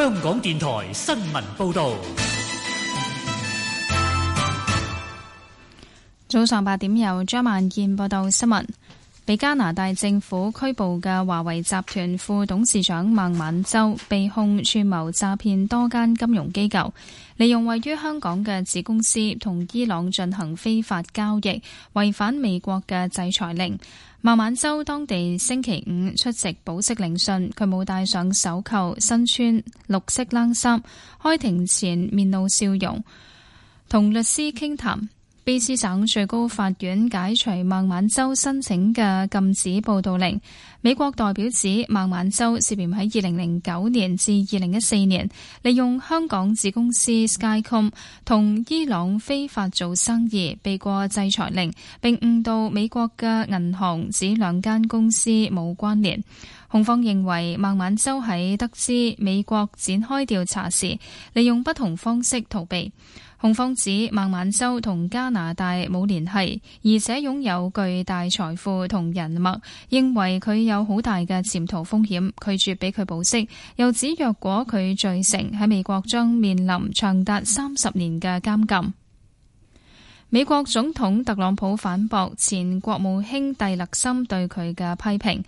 香港電台新聞報道，早上八點由張萬健報道新聞。被加拿大政府拘捕嘅華為集團副董事長孟晚舟，被控串謀詐騙多間金融機構，利用位於香港嘅子公司同伊朗進行非法交易，違反美國嘅制裁令。孟晚舟當地星期五出席保釋聆訊，佢冇戴上手銬，身穿綠色冷衫。開庭前面露笑容，同律師傾談，談。卑斯省最高法院解除孟晚舟申請嘅禁止報道令。美國代表指孟晚舟涉嫌喺二零零九年至二零一四年利用香港子公司 Skycom 同伊朗非法做生意，避過制裁令，並誤導美國嘅銀行指兩間公司冇關聯。控方認為孟晚舟喺得知美國展開調查時，利用不同方式逃避。控方指孟晚舟同加拿大冇聯繫，而且擁有巨大財富同人脈，認為佢有好大嘅潛逃風險，拒絕俾佢保釋。又指若果佢罪成，喺美國將面臨長達三十年嘅監禁。美國總統特朗普反駁前國務卿蒂勒森對佢嘅批評。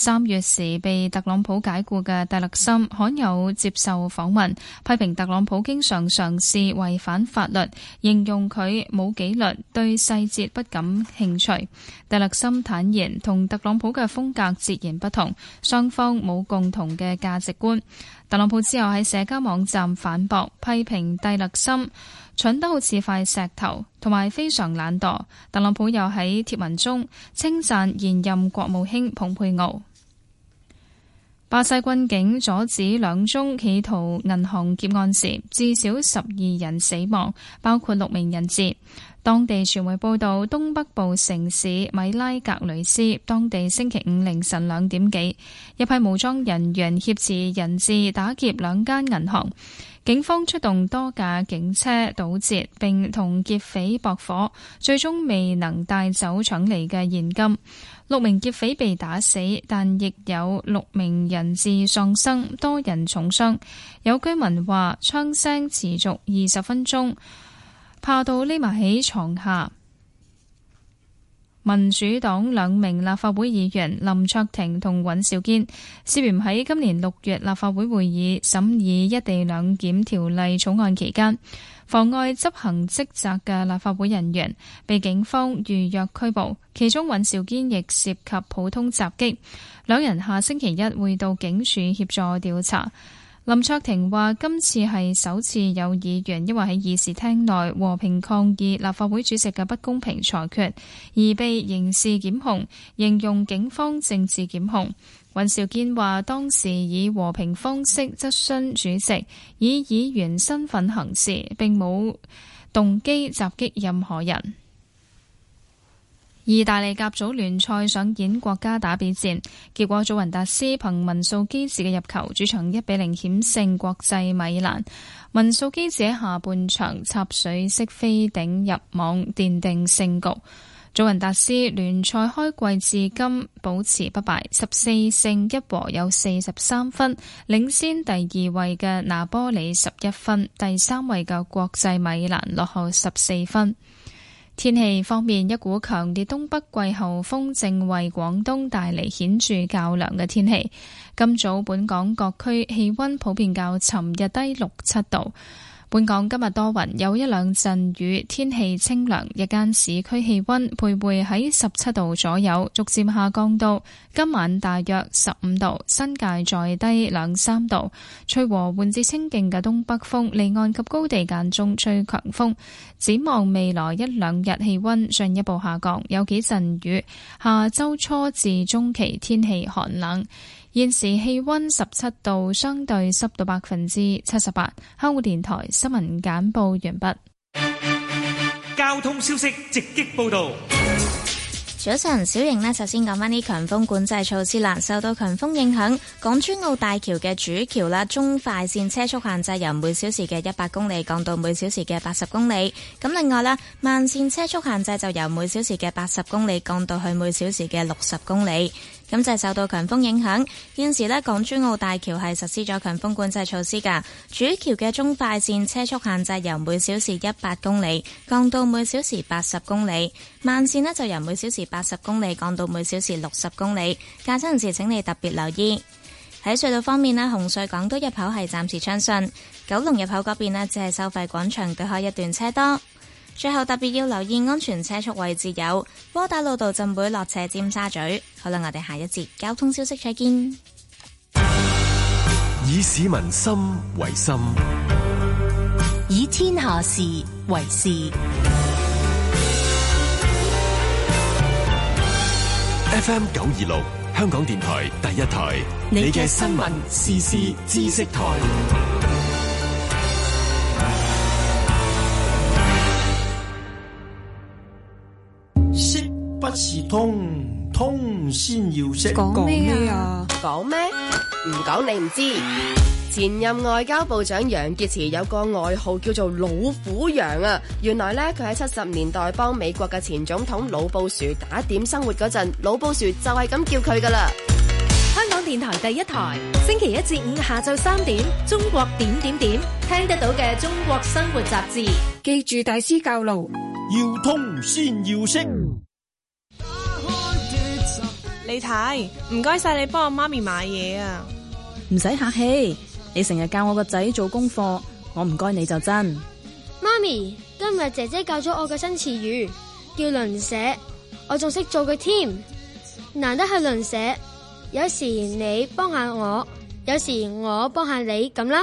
三月時被特朗普解雇嘅戴立森罕有接受訪問，批評特朗普經常嘗試違反法律，形容佢冇紀律，對細節不感興趣。戴立森坦言，同特朗普嘅風格截然不同，雙方冇共同嘅價值觀。特朗普之後喺社交網站反駁，批評戴立森蠢得好似塊石頭，同埋非常懶惰。特朗普又喺貼文中稱讚現任國務卿蓬佩奧。巴西軍警阻止兩宗企圖銀行劫案時，至少十二人死亡，包括六名人質。當地傳媒報道，東北部城市米拉格雷斯當地星期五凌晨兩點幾，一批武裝人員挾持人質打劫兩間銀行。警方出動多架警車堵截，並同劫匪搏火，最終未能帶走搶嚟嘅現金。六名劫匪被打死，但亦有六名人質喪生，多人重傷。有居民話：槍聲持續二十分鐘，怕到匿埋喺床下。民主黨兩名立法會議員林卓廷同尹兆堅涉嫌喺今年六月立法會會議審議一地兩檢條例草案期間妨礙執行職責嘅立法會人員，被警方預約拘捕，其中尹兆堅亦涉及普通襲擊，兩人下星期一會到警署協助調查。林卓廷話今次係首次有議員因為喺議事廳內和平抗議立法會主席嘅不公平裁決而被刑事檢控，形容警方政治檢控。尹兆堅話當時以和平方式質詢主席，以議員身份行事，並冇動機襲擊任何人。意大利甲組聯賽上演國家打比戰，結果祖雲達斯憑文素基治嘅入球，主場一比零險勝國際米蘭。文素基治喺下半場插水式飛頂入網，奠定勝局。祖雲達斯聯賽開季至今保持不敗，十四勝一和，有四十三分，領先第二位嘅拿波里十一分，第三位嘅國際米蘭落後十四分。天氣方面，一股強烈東北季候風正為廣東帶嚟顯著較涼嘅天氣。今早本港各區氣温普遍較尋日低六七度。本港今日多雲，有一兩陣雨，天氣清涼。日間市區氣溫徘徊喺十七度左右，逐漸下降到今晚大約十五度，新界再低兩三度。吹和緩至清勁嘅東北風，離岸及高地間中吹強風。展望未來一兩日氣溫進一步下降，有幾陣雨。下周初至中期天氣寒冷。現時氣温十七度，相對濕度百分之七十八。香港電台新聞簡報完畢。交通消息直擊報道。早晨，小瑩呢，首先講返啲強風管制措施啦。受到強風影響，港珠澳大橋嘅主橋啦，中快線車速限制由每小時嘅一百公里降到每小時嘅八十公里。咁另外啦，慢線車速限制就由每小時嘅八十公里降到去每小時嘅六十公里。咁就受到強風影響，現時呢，港珠澳大橋係實施咗強風管制措施㗎。主橋嘅中快線車速限制由每小時一百公里降到每小時八十公里，慢線呢就由每小時八十公里降到每小時六十公里。駕車人士請你特別留意。喺隧道方面呢，紅隧港島入口係暫時暢順，九龍入口嗰邊呢，只係收費廣場對開一段車多。最後特別要留意安全車速位置有窩打老道、浸會、落斜、尖沙咀。好啦，我哋下一節交通消息再見。以市民心為心，以天下事為事。FM 九二六，香港電台第一台，你嘅新聞時事知識台。是通通先要識講咩啊？講咩？唔講你唔知。前任外交部長楊潔篪有個外號叫做“老虎羊”啊！原來咧，佢喺七十年代幫美國嘅前總統老布殊打點生活嗰陣，老布殊就係咁叫佢噶啦。香港電台第一台，星期一至五下晝三點，中國點點點聽得到嘅中國生活雜誌。記住大師教路，要通先要識。你睇，唔該晒你幫我媽咪買嘢啊！唔使客氣，你成日教我個仔做功課，我唔該你就真。媽咪，今日姐姐教咗我嘅新詞語，叫鄰舍。我仲識做嘅添。難得係鄰舍。有時你幫下我，有時我幫下你咁啦。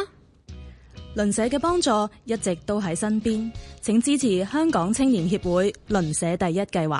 鄰舍嘅幫助一直都喺身邊，請支持香港青年協會鄰舍第一計劃。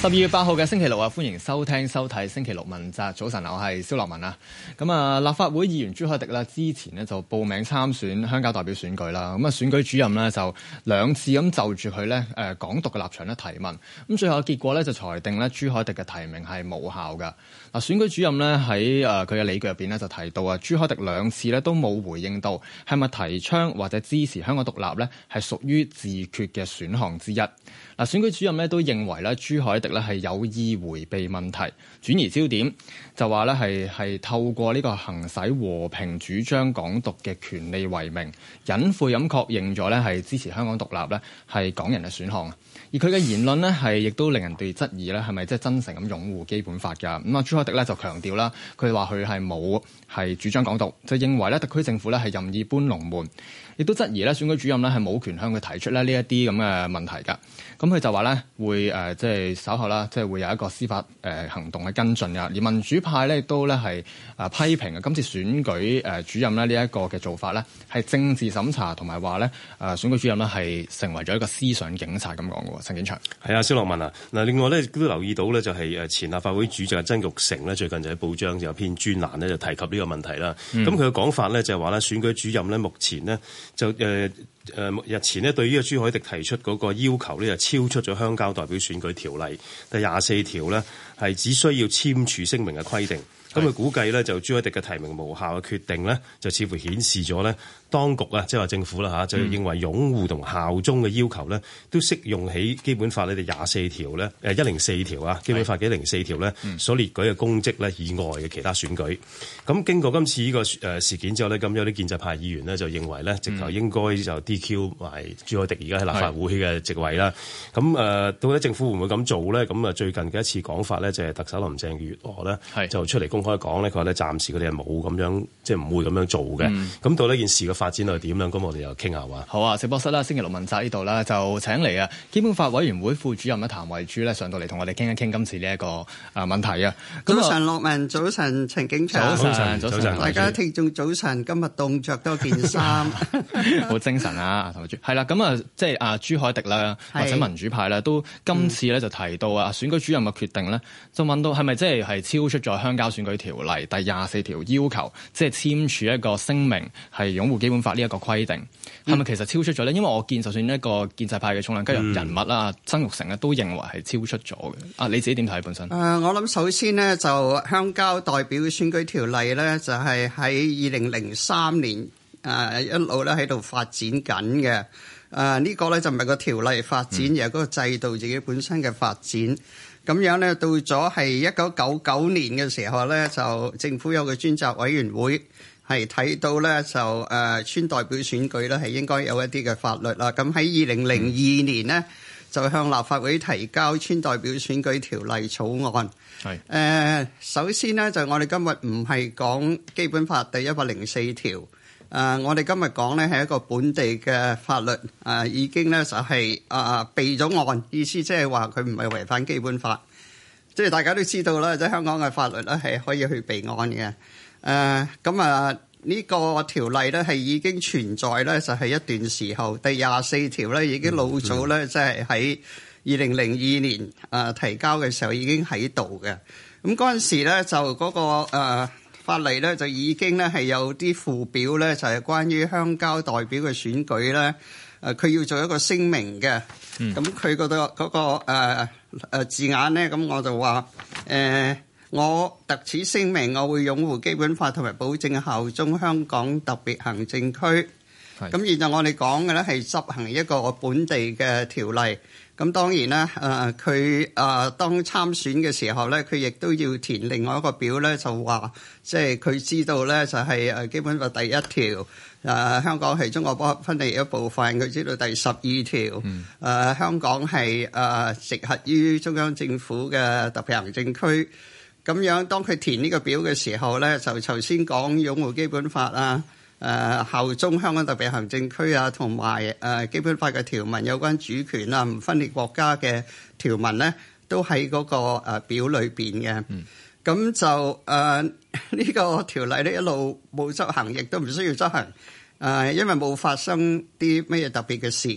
十二月八號嘅星期六啊，歡迎收聽收睇星期六問責。早晨，我係蕭樂文啊。咁啊，立法會議員朱凱廸呢，之前呢就報名參選鄉郊代表選舉啦。咁啊，選舉主任呢，就兩次咁就住佢呢誒港獨嘅立場呢，提問。咁最後結果呢，就裁定呢朱凱廸嘅提名係無效㗎。嗱，選舉主任咧喺佢嘅理據入面咧就提到啊，朱凱廸兩次咧都冇回應到係咪提倡或者支持香港獨立咧，係屬於自決嘅選項之一。嗱，選舉主任咧都認為咧，朱凱廸咧係有意迴避問題，轉移焦點就，就話咧係透過呢個行使和平主張港獨嘅權利為名，隱晦咁確認咗咧係支持香港獨立咧係港人嘅選項。而佢嘅言論呢，亦都令人哋質疑咧，係咪即係真正咁擁護基本法㗎？咁啊，朱開迪朱凱廸咧就強調啦，佢話佢係冇係主張港獨，就認為咧特區政府咧係任意搬龍門，亦都質疑咧選舉主任咧係冇權向佢提出咧呢一啲咁嘅問題㗎。咁佢就話咧，會誒即係稍後啦，即係會有一個司法誒行動嘅跟進嘅。而民主派咧，亦都咧係啊批評啊今次選舉誒主任咧呢一個嘅做法咧，係政治審查同埋話咧誒選舉主任咧係成為咗一個思想警察咁講嘅。陳景祥係啊，蕭樂文啊，嗱另外咧都留意到咧，就係誒前立法會主席曾鈺成呢，最近就喺報章有篇專欄咧就提及呢個問題啦。咁佢嘅講法咧就係話咧選舉主任咧目前呢就、呃誒日前對於阿朱凱廸提出嗰個要求呢，就超出咗鄉郊代表選舉條例第廿四條呢係只需要簽署聲明嘅規定。咁佢是的 估計呢，就朱凱廸嘅提名無效嘅決定呢就似乎顯示咗呢。當局啊，即係話政府啦嚇，就認為擁護同效忠嘅要求咧，嗯、都適用喺基本法你哋廿四條咧，誒一零四條啊，基本法嘅一零四條咧所列舉嘅公職咧以外嘅其他選舉。咁、嗯、經過今次呢個誒事件之後咧，咁有啲建制派議員咧就認為咧，直頭應該就 DQ 埋朱凱廸而家喺立法會嘅職位啦。咁誒是、呃，到底政府會唔會咁做咧？咁啊，最近嘅一次講法咧，就係特首林鄭月娥咧，就出嚟公開講咧，佢話咧暫時佢哋係冇咁樣，即係唔會咁樣做嘅。咁到呢件事嘅發展到點樣？咁我哋又傾下話。好啊，直播室啦，星期六問責呢度啦，就請嚟啊，基本法委員會副主任啊，譚惠珠咧上到嚟同我哋傾一傾今次呢一個啊問題啊。咁，早晨，樂民，早晨上，陳景祥，早晨，早晨，大家聽眾早晨。今日凍著多件衫，好 精神啊，譚惠珠。係啦，咁啊，即係啊，朱凱廸啦，啊、或者民主派啦，都今次咧就提到啊，選舉主任嘅決定咧，就問到係咪即係係超出咗《鄉郊選舉條例》第廿四條要求，即、就、係、是、簽署一個聲明係擁護基本法呢一個規定係咪其實超出咗咧？嗯、因為我見就算一個建制派嘅重量級人物啦，曾玉成啊，都認為係超出咗嘅。啊，你自己點睇本身？誒、呃，我諗首先呢，就鄉郊代表選舉條例咧，就係喺二零零三年誒、呃、一路咧喺度發展緊嘅。誒、呃、呢、呢個咧就唔係個條例發展，而係嗰、嗯、個制度自己本身嘅發展。咁樣咧到咗係一九九九年嘅時候咧，就政府有個專責委員會。係睇到咧就誒、呃、村代表選舉咧，係應該有一啲嘅法律啦。咁喺二零零二年呢，就向立法會提交村代表選舉條例草案。是呃、首先呢，就我哋今日唔係講基本法第一百零四條。呃、我哋今日講呢係一個本地嘅法律。誒、呃，已經呢就係誒備咗案，意思即係話佢唔係違反基本法。即係大家都知道啦，即係香港嘅法律咧係可以去備案嘅。誒咁啊，呢、呃呢個條例咧係已經存在咧，就係一段時候。第廿四條咧已經老早咧，即係喺二零零二年誒提交嘅時候已經喺度嘅。咁嗰陣時咧就嗰、嗰個、呃、法例咧就已經咧係有啲附表咧，就係關於鄉郊代表嘅選舉咧。佢、呃、要做一個聲明嘅。咁佢嗰度嗰個誒、嗰個呃、字眼咧，咁我就話誒。呃我特此聲明，我會擁護基本法同埋保證效忠香港特別行政區。咁現在我哋講嘅咧係執行一個本地嘅條例。咁當然啦，誒佢誒當參選嘅時候咧，佢亦都要填另外一個表咧，就話即係佢知道咧就係誒基本法第一條，誒香港係中國不可分離一部分。佢知道第十二條，誒香港係誒直轄於中央政府嘅特別行政區。咁樣當佢填呢個表嘅時候咧，就頭先講擁護基本法啊，誒效忠香港特別行政區啊，同埋誒基本法嘅條文有關主權啊，唔分裂國家嘅條文咧，都喺嗰個表裏邊嘅。咁、嗯、就誒呢、呃這個條例咧一路冇執行，亦都唔需要執行。誒、呃，因為冇發生啲咩特別嘅事。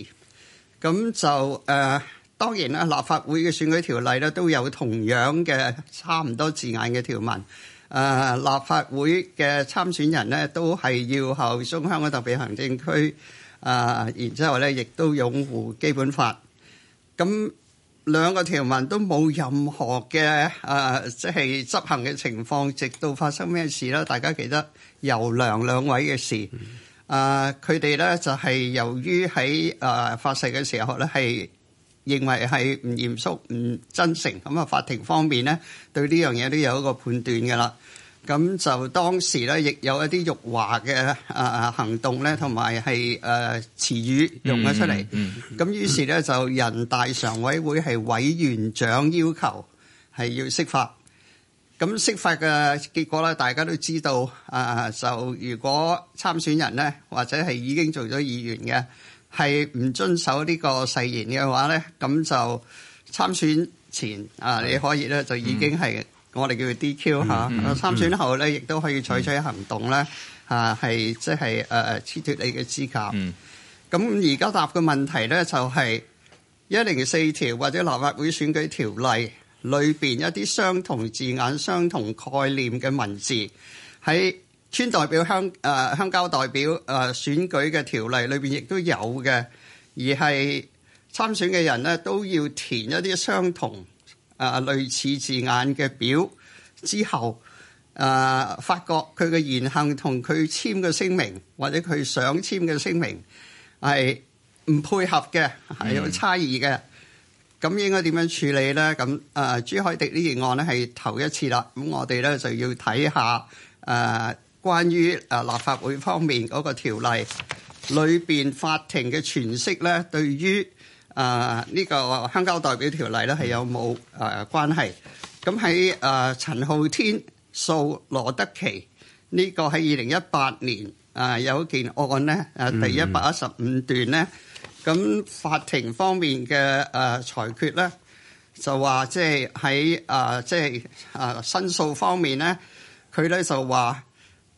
咁就誒。呃當然啦，立法會嘅選舉條例咧都有同樣嘅差唔多字眼嘅條文。誒，立法會嘅參選人咧都係要效忠香港特別行政區。啊，然之後咧亦都擁護基本法。咁兩個條文都冇任何嘅誒，即係執行嘅情況。直到發生咩事咧？大家記得游梁兩位嘅事。誒，佢哋咧就係由於喺誒發誓嘅時候咧係。認為係唔嚴肅、唔真誠，咁啊法庭方面咧對呢樣嘢都有一個判斷嘅啦。咁就當時咧亦有一啲辱華嘅誒行動咧，同埋係誒詞語用咗出嚟。咁於是咧就人大常委會係委員長要求係要釋法。咁釋法嘅結果咧，大家都知道啊。就如果參選人咧，或者係已經做咗議員嘅。係唔遵守呢個誓言嘅話咧，咁就參選前啊，係你可以咧就已經係、嗯、我哋叫做 DQ 嚇、嗯。啊、參選後咧，亦都、嗯、可以採取，取行動咧，嗯、啊係即係誒誒褫奪你嘅資格。咁而家答嘅問題咧、就是，就係一零四條或者立法會選舉條例裏邊一啲相同字眼、相同概念嘅文字喺。村代表鄉、鄉誒鄉郊代表誒選舉嘅條例裏邊亦都有嘅，而係參選嘅人咧都要填一啲相同誒類似字眼嘅表。之後誒、呃、發覺佢嘅言行同佢簽嘅聲明或者佢想簽嘅聲明係唔配合嘅，係有差異嘅。咁、mm. 應該點樣處理咧？咁、呃、誒朱凱廸呢件案咧係頭一次啦。咁我哋咧就要睇下誒。呃關於誒立法會方面嗰個條例裏邊，法庭嘅詮釋咧，對於誒呢、呃這個鄉郊代表條例咧係有冇誒、呃、關係？咁喺誒陳浩天訴羅德奇呢、這個喺二零一八年啊有一件案咧啊、呃、第一百一十五段咧，咁、嗯、法庭方面嘅誒、呃、裁決咧就話即係喺誒即係誒申訴方面咧，佢咧就話。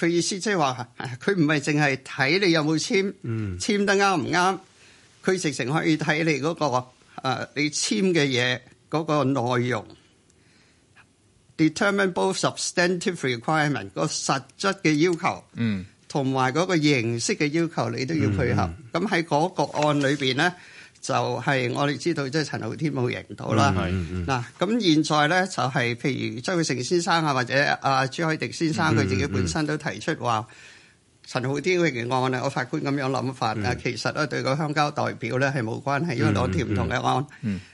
佢意思即係話，佢唔係淨係睇你有冇簽，嗯、簽得啱唔啱，佢直情可以睇你嗰、嗰個、呃、你簽嘅嘢嗰個內容 determinable substantive requirement 個實質嘅要求，同埋嗰個形式嘅要求你都要配合。咁喺嗰個案裏邊咧。就係我哋知道，即係陳浩天冇贏到啦、嗯。嗱、嗯，咁、嗯、現在咧就係，譬如周偉成先生啊，或者阿朱凱廸先生，佢自己本身都提出話，陳浩天嘅案呢，我法官咁樣諗法啊，嗯、其實咧對個鄉郊代表咧係冇關係，嗯嗯、因為兩條唔同嘅案，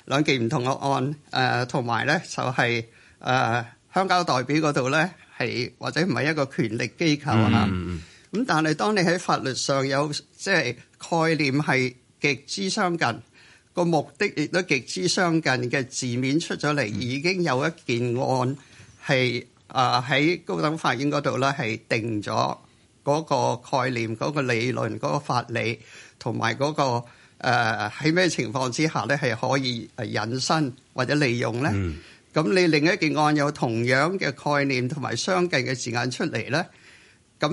兩件唔同嘅案。同埋咧就係、是、誒、呃、鄉郊代表嗰度咧係或者唔係一個權力機構啊。咁、嗯嗯嗯、但係當你喺法律上有即係、就是、概念係。極之相近個目的，亦都極之相近嘅字面出咗嚟，已經有一件案係啊喺高等法院嗰度咧係定咗嗰個概念、嗰個理論、嗰個法理，同埋嗰個誒喺咩情況之下咧係可以誒引申或者利用咧。咁你另一件案有同樣嘅概念同埋相近嘅字眼出嚟咧，咁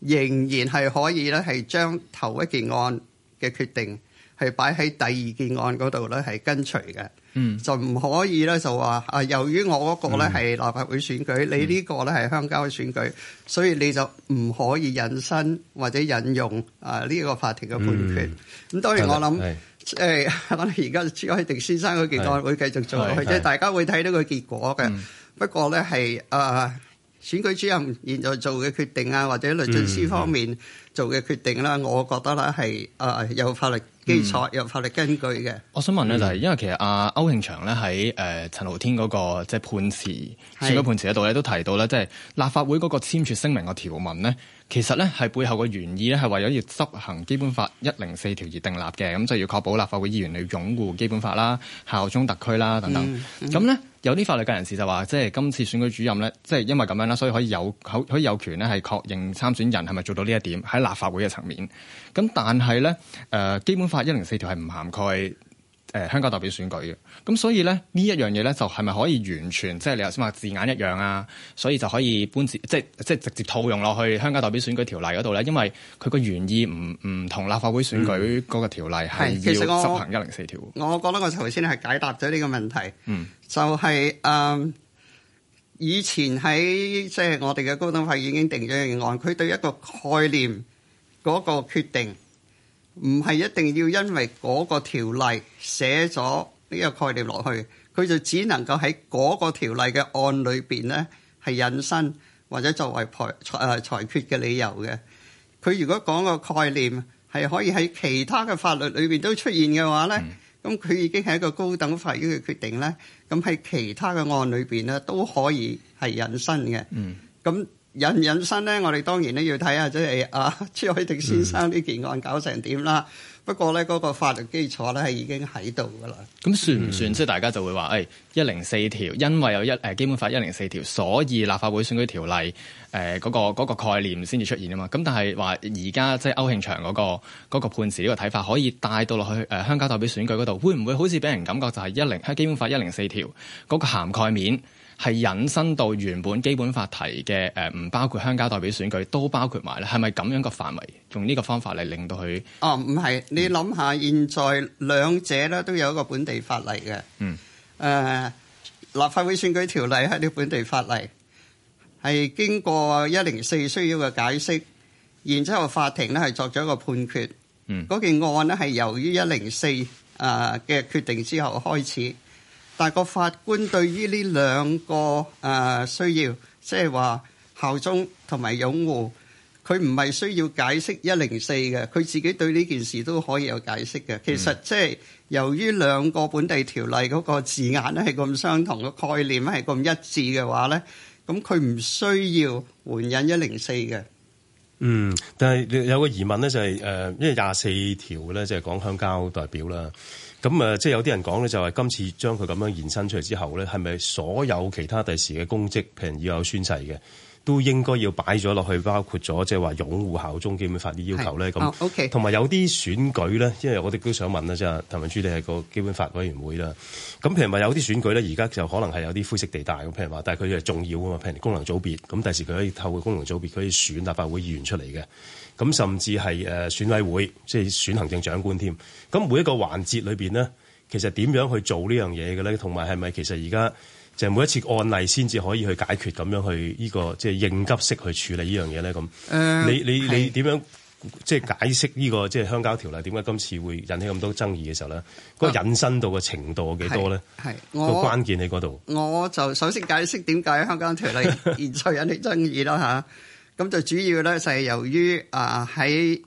仍然係可以咧係將頭一件案嘅決定。係擺喺第二件案嗰度咧，係跟隨嘅，嗯、就唔可以咧就話啊，由於我嗰個咧係立法會選舉，嗯、你呢個咧係鄉郊選舉，所以你就唔可以引申或者引用啊呢個法庭嘅判決。咁、嗯、當然的我諗想，誒我哋而家朱凱廸先生嗰件案會繼續做，落去，即係大家會睇到個結果嘅。的不過咧係啊。呃選舉主任現在做嘅決定啊，或者律政司方面做嘅決定啦，嗯、我覺得咧係啊有法律基礎、嗯、有法律根據嘅。我想問咧就係，因為其實阿歐慶祥咧喺誒陳浩天嗰個即係判詞、嗯、選舉判詞嗰度咧都提到咧，即係立法會嗰個簽署聲明嘅條文咧。其實咧，係背後個原意咧，係為咗要執行基本法一零四條而定立嘅，咁就要確保立法會議員嚟擁護基本法啦、效忠特區啦等等。咁咧、嗯，嗯、有啲法律界人士就話，即係今次選舉主任咧，即係因為咁樣啦，所以可以有可可以有權咧，係確認參選人係咪做到呢一點喺立法會嘅層面。咁但係咧、呃，基本法一零四條係唔涵蓋。誒，香港代表選舉嘅，咁所以咧，呢一樣嘢咧，就係咪可以完全，即係你頭先話字眼一樣啊？所以就可以搬字即，即直接套用落去鄉郊代表選舉條例嗰度咧，因為佢個原意唔唔同立法會選舉嗰個條例係要執行一零四條的、嗯我。我覺得我頭先係解答咗呢個問題，嗯、就係、是、誒、嗯、以前喺即係我哋嘅高等法院已經定咗嘅案，佢對一個概念嗰個決定。唔係一定要因為嗰個條例寫咗呢個概念落去，佢就只能夠喺嗰個條例嘅案裏面呢係引申，或者作為裁誒裁，裁，裁決嘅理由嘅。佢如果講個概念係可以喺其他嘅法律裏面都出現嘅話呢，咁佢、嗯、已經係一個高等法院嘅決定呢，咁喺其他嘅案裏面呢都可以係引申嘅。嗯，咁。引唔引申咧？我哋當然咧要睇下，即係阿、啊、朱凱廸先生呢件案搞成點啦。嗯、不過咧，嗰、那個法律基礎咧係已經喺度噶啦。咁算唔算？即係、嗯、大家就會話：誒一零四條，因為有一誒基本法一零四條，所以立法會選舉條例誒嗰、呃那個那個概念先至出現啊嘛。咁但係話而家即係歐慶祥嗰、那個那個判詞呢個睇法，可以帶到落去誒、呃、鄉郊代表選舉嗰度，會唔會好似俾人感覺就係一零喺基本法一零四條嗰、那個涵蓋面？係引申到原本基本法提嘅誒，唔、呃、包括鄉郊代表選舉，都包括埋咧。係咪咁樣個範圍？用呢個方法嚟令到佢？哦，唔係，你諗下，嗯、現在兩者咧都有一個本地法例嘅。嗯。誒、呃，立法會選舉條例係呢本地法例，係經過一零四需要嘅解釋，然之後法庭咧係作咗一個判決。嗰、嗯、件案咧係由於一零四啊嘅決定之後開始。但個法官對於呢兩個誒需要，即係話效忠同埋擁護，佢唔係需要解釋一零四嘅，佢自己對呢件事都可以有解釋嘅。其實即係由於兩個本地條例嗰個字眼咧係咁相同，個概念咧係咁一致嘅話咧，咁佢唔需要援引一零四嘅。嗯，但係有個疑問咧、就係，就係誒，因為廿四條咧就係、係、講鄉郊代表啦。咁啊，即係有啲人講咧，就係、是、今次將佢咁樣延伸出嚟之後咧，係咪所有其他第時嘅公職，譬如要有宣誓嘅？都應該要擺咗落去，包括咗即係話擁護效忠基本法啲要求咧咁。OK。同埋有啲選舉咧，因為我哋都想問啦，即係譚惠珠你係個基本法委員會啦。咁譬如話有啲選舉咧，而家就可能係有啲灰色地帶咁。譬如話，但係佢係重要啊嘛，譬如功能組別咁，第時佢可以透過功能組別佢可以選立法會議員出嚟嘅。咁甚至係誒選委會，即係選行政長官添。咁每一個環節裏面咧，其實點樣去做呢樣嘢嘅咧？同埋係咪其實而家？就是每一次案例先至可以去解決咁樣去呢、這個即係、就是、應急式去處理呢樣嘢咧咁，你是你你點樣即係解釋呢、這個即係香港條例點解今次會引起咁多爭議嘅時候咧？嗰、呃、個引申到嘅程度幾多咧？係個關鍵喺嗰度。我就首先解釋點解香港條例現在引起爭議啦吓，咁就主要咧係由於啊喺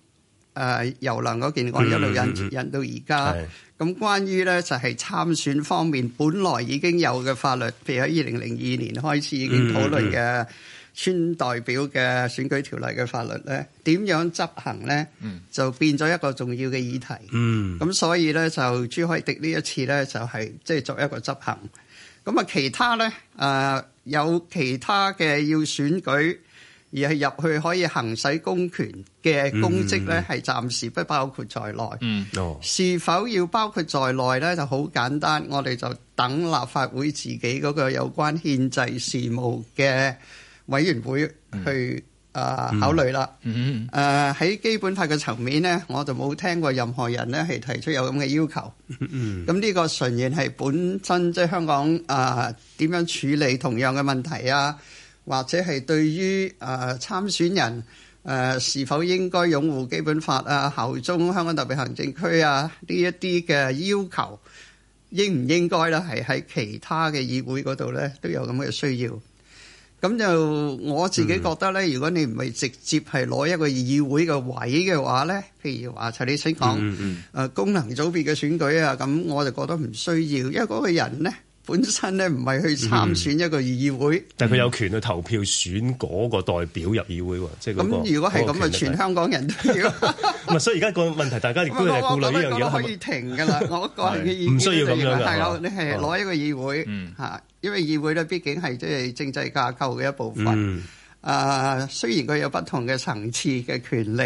誒油量嗰件案一路引引、嗯嗯嗯嗯嗯嗯嗯、到而家。咁關於咧就係參選方面，本來已經有嘅法律，譬如喺二零零二年開始已經討論嘅村代表嘅選舉條例嘅法律咧，點、mm hmm. 樣執行咧，就變咗一個重要嘅議題。咁、mm hmm. 所以咧就朱凱廸呢一次咧就係即係作一個執行。咁啊，其他咧誒、呃、有其他嘅要選舉。而係入去可以行使公權嘅公職呢，係暫時不包括在內。Mm hmm. 是否要包括在內呢？就好簡單。我哋就等立法會自己嗰個有關憲制事務嘅委員會去誒考慮啦。誒喺、mm hmm. mm hmm. 呃、基本法嘅層面呢，我就冇聽過任何人呢係提出有咁嘅要求。咁呢、mm hmm. 個純然係本身即香港啊點、呃、樣處理同樣嘅問題啊？或者係對於誒參選人誒是否應該擁護基本法啊、效忠香港特別行政區啊呢一啲嘅要求，應唔應該咧？係喺其他嘅議會嗰度咧都有咁嘅需要。咁就我自己覺得咧，如果你唔係直接係攞一個議會嘅位嘅話咧，譬如話陳李清講嗯、嗯、誒功能組別嘅選舉啊，咁我就覺得唔需要，因為嗰個人咧。本身咧唔係去參選一個議會，但係佢有權去投票選嗰個代表入議會喎。即係咁，如果係咁啊，全香港人都要。咪所以而家個問題，大家亦都係顧慮呢樣嘢。可以停㗎啦，我個人嘅意見唔需要咁樣㗎。大佬，你係攞一個議會嚇，因為議會咧，畢竟係即係政制架構嘅一部分。啊，雖然佢有不同嘅層次嘅權力，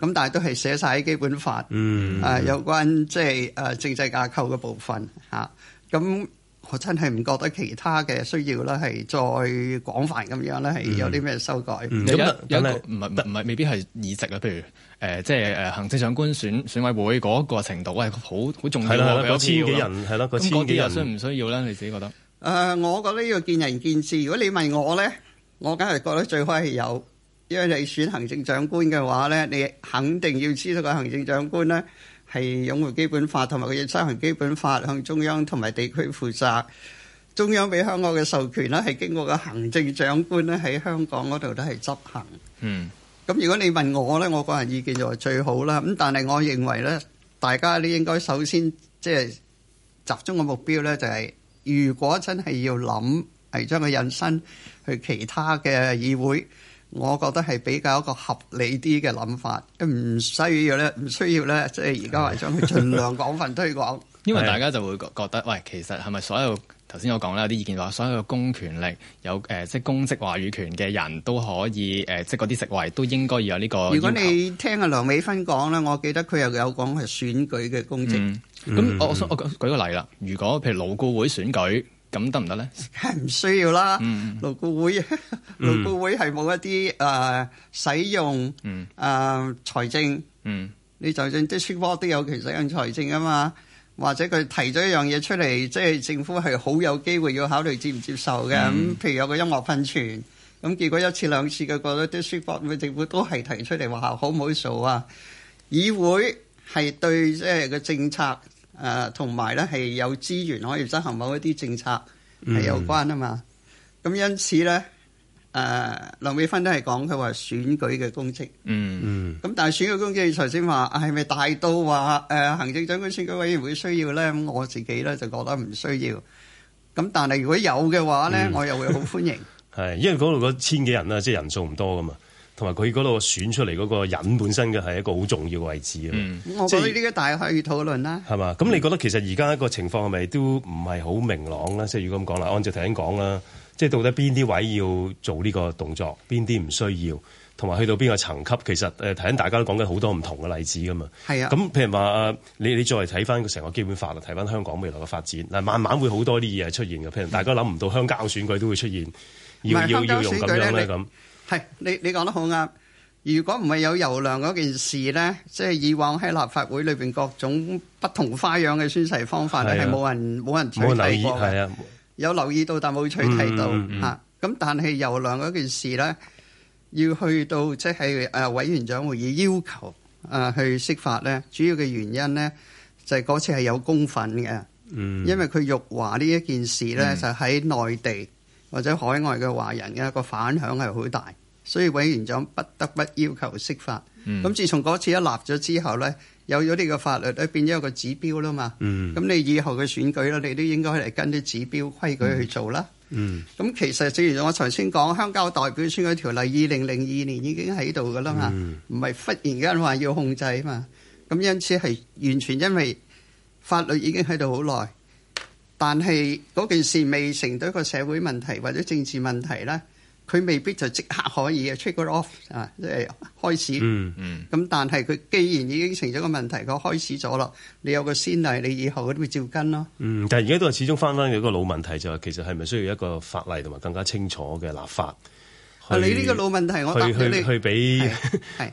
咁但係都係寫晒喺基本法。嗯啊，有關即係啊政制架構嘅部分嚇，咁。我真係唔覺得其他嘅需要啦，係再廣泛咁樣咧，係有啲咩修改？咁唔係唔係未必係議席啊。譬如誒，即係誒行政長官選選委會嗰個程度係好好重要，有千幾人，係咯千幾人，需唔需要咧？你自己覺得？誒、呃，我覺得要見仁見智。如果你問我咧，我梗係覺得最開係有，因為你選行政長官嘅話咧，你肯定要知道個行政長官咧。係擁護基本法，同埋佢要執行基本法，向中央同埋地區負責。中央俾香港嘅授權呢，係經過嘅行政長官呢，喺香港嗰度都係執行。嗯，咁如果你問我呢，我個人意見就係最好啦。咁但係我認為呢，大家呢應該首先即係集中嘅目標呢，就係如果真係要諗係將個引申去其他嘅議會。我覺得係比較一個合理啲嘅諗法，唔需要咧，唔需要咧，即係而家係想盡量廣泛推廣。 因為大家就會覺得，喂，其實係咪所有頭先我講啦，有啲意見話，所有公權力有誒、呃，即係公職話語權嘅人都可以誒、呃，即係嗰啲職位都應該有要有呢個。如果你聽阿梁美芬講咧，我記得佢又有講係選舉嘅公職。咁、嗯、我嗯嗯我，我舉個例啦，如果譬如勞顧會選舉。咁得唔得咧？梗係唔需要啦。勞工、嗯、會，勞工會係冇一啲誒、呃、使用誒、呃、財政。嗯、你就算 District Board 都有其使用財政噶嘛？或者佢提咗一樣嘢出嚟，即係政府係好有機會要考慮接唔接受嘅。咁、嗯、譬如有個音樂噴泉，咁結果一次兩次覺得 District Board 佢政府都係提出嚟話好唔好做啊？議會係對即係個政策。誒，同埋咧係有資源可以執行某一啲政策係有關啊嘛、嗯，咁因此咧，誒、呃，梁美芬都係講佢話選舉嘅公職，嗯嗯，咁但係選舉公職，你頭先話係咪大到話，誒行政長官選舉委員會需要咧？我自己咧就覺得唔需要，咁但係如果有嘅話咧，嗯、我又會好歡迎。係，因為嗰度嗰千幾人啊，即、就、係、是、人數唔多噶嘛。同埋佢嗰度選出嚟嗰個人本身嘅係一個好重要嘅位置啊！所以呢個大可以討論啦。係嘛？咁你覺得其實而家個情況係咪都唔係好明朗啦？即係如果咁講啦，按照頭先講啦，即係到底邊啲位要做呢個動作，邊啲唔需要，同埋去到邊個層級，其實誒頭先大家都講緊好多唔同嘅例子噶嘛。係啊。咁譬如話，你你再嚟睇翻成個基本法啦，睇翻香港未來嘅發展，嗱慢慢會好多啲嘢出現嘅。譬如大家諗唔到鄉郊選舉都會出現，嗯、要要要，要用咁樣咧咁。樣係你你講得好啱。如果唔係有油量嗰件事咧，即係以往喺立法會裏邊各種不同花樣嘅宣誓方法咧，係冇人冇人取締過嘅。有留意到，但冇取締到嚇。咁但係油量嗰件事咧，要去到即係啊委員長會議要求啊去釋法咧，主要嘅原因咧就係嗰次係有公憤嘅。嗯，因為佢辱華呢一件事咧，就喺內地。或者海外嘅華人嘅一個反響係好大，所以委員長不得不要求釋法。咁自從嗰次一立咗之後咧，有咗呢個法律咧，變咗一個指標啦嘛。咁你以後嘅選舉咧，你都應該嚟跟啲指標規矩去做啦。咁其實正如我頭先講，鄉郊代表選舉條例二零零二年已經喺度㗎啦嘛，唔係忽然間話要控制啊嘛。咁因此係完全因為法律已經喺度好耐。但係嗰件事未成到一個社會問題或者政治問題咧，佢未必就即刻可以嘅。Trigger off 啊，即係、就是、開始。嗯嗯。咁但係佢既然已經成咗個問題，佢開始咗啦，你有個先例，你以後都會照跟咯。嗯，但係而家都係始終翻翻一個老問題，就係、是、其實係咪需要一個法例同埋更加清楚嘅立法？去你呢個老問題我覺得，我答你。去去 去，俾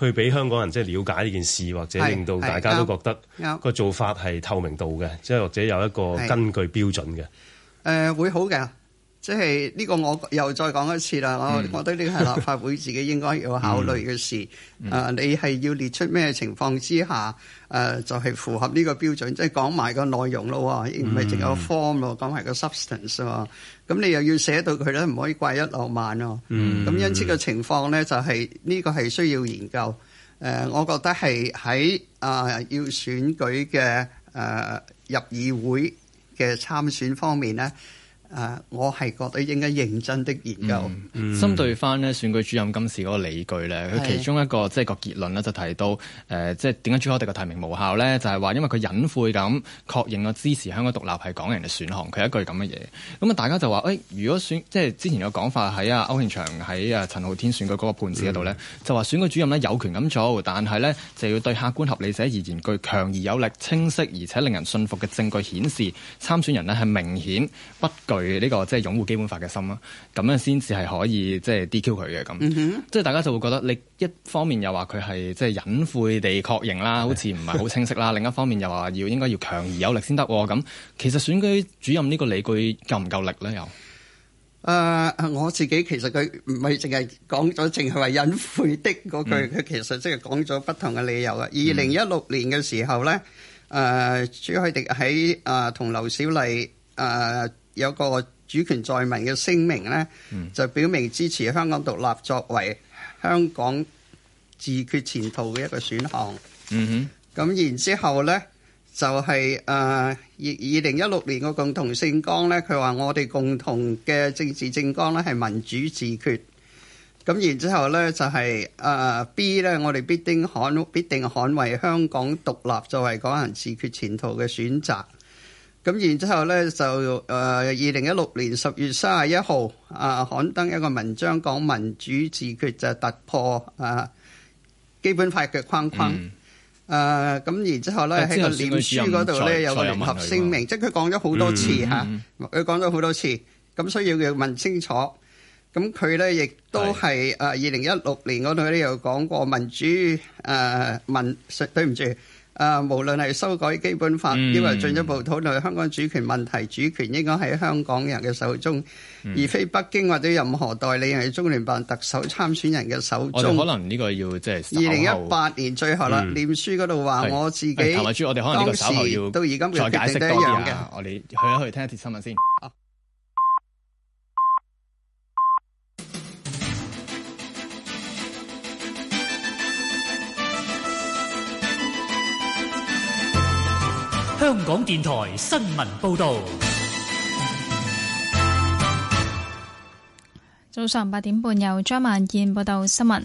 去俾香港人即係了解呢件事，或者令到大家都覺得個做法係透明度嘅，即係或者有一個根據標準嘅。誒、呃、會好嘅，即係呢個我又再講一次啦。嗯、我覺得呢個係立法會自己應該要考慮嘅事。誒、 嗯嗯呃，你係要列出咩情況之下誒、呃，就係、是、符合呢個標準，即、就、係、是、講埋個內容咯喎，唔係淨有 form 咯、嗯，講埋個 substance 喎。咁你又要寫到佢咧，唔可以怪一浪漫咯。咁、mm hmm. 因此個情況咧、就是，就係呢個係需要研究。誒、呃，我覺得係喺啊要選舉嘅誒、呃、入議會嘅參選方面咧。誒，uh, 我係覺得應該認真的研究。針、嗯嗯、對翻呢選舉主任今次嗰個理據呢佢、嗯、其中一個即係、就是、個結論呢就提到即係點解朱凱廸嘅提名無效呢就係、是、話因為佢隱晦咁確認我支持香港獨立係港人嘅選項，佢一句咁嘅嘢。咁啊，大家就話誒、欸，如果選即係、就是、之前有講法喺啊歐慶祥喺啊陳浩天選舉嗰個判詞嗰度呢就話選舉主任呢有權咁做，但係呢就要對客觀合理者而言具強而有力、清晰而且令人信服嘅證據顯示參選人呢係明顯不具。呢個即係擁護基本法嘅心啦，咁樣先至係可以即係 DQ 佢嘅。咁，即係、嗯、哼大家就會覺得你一方面又話佢係即係隱晦地確認啦，好似唔係好清晰啦；是的 另一方面又話要應該要強而有力先得咁。其實選舉主任呢個理據夠唔夠力咧？又誒、呃，我自己其實佢唔係淨係講咗，淨係話隱晦的嗰句，佢、嗯、其實即係講咗不同嘅理由嘅。二零一六年嘅時候咧，誒、嗯呃，朱凱廸喺誒同劉小麗誒。呃有個主權在民嘅聲明呢，就表明支持香港獨立作為香港自決前途嘅一個選項。咁、嗯、哼然之後呢，就係二零一六年個共同政綱呢，佢話我哋共同嘅政治政綱呢係民主自決。咁然之後呢，就係、是、誒、呃、B 呢，我哋必定捍必定捍衞香港獨立作為港人自決前途嘅選擇。咁然之後咧就誒二零一六年十月三十一號啊，刊登一個文章講民主自決就突破啊基本法嘅框框。咁、嗯、然之後咧喺個臉書嗰度咧有個聯合聲明，嗯、即係佢講咗好多次，佢講咗好多次。咁需要佢問清楚。咁佢咧亦都係誒二零一六年嗰度咧又講過民主誒、呃、民，對唔住。啊！無論係修改基本法，抑或、嗯、進一步討論香港主權問題，主權應該喺香港人嘅手中，嗯、而非北京或者任何代理人、係中聯辦特首參選人嘅手中。我哋可能呢個要即係二零一八年最後啦。念、嗯、書嗰度話我自己當時都已經決定咗嘅。我哋去一去聽一節新聞先。啊。香港電台新聞報道。早上八點半，由張萬燕報道新聞。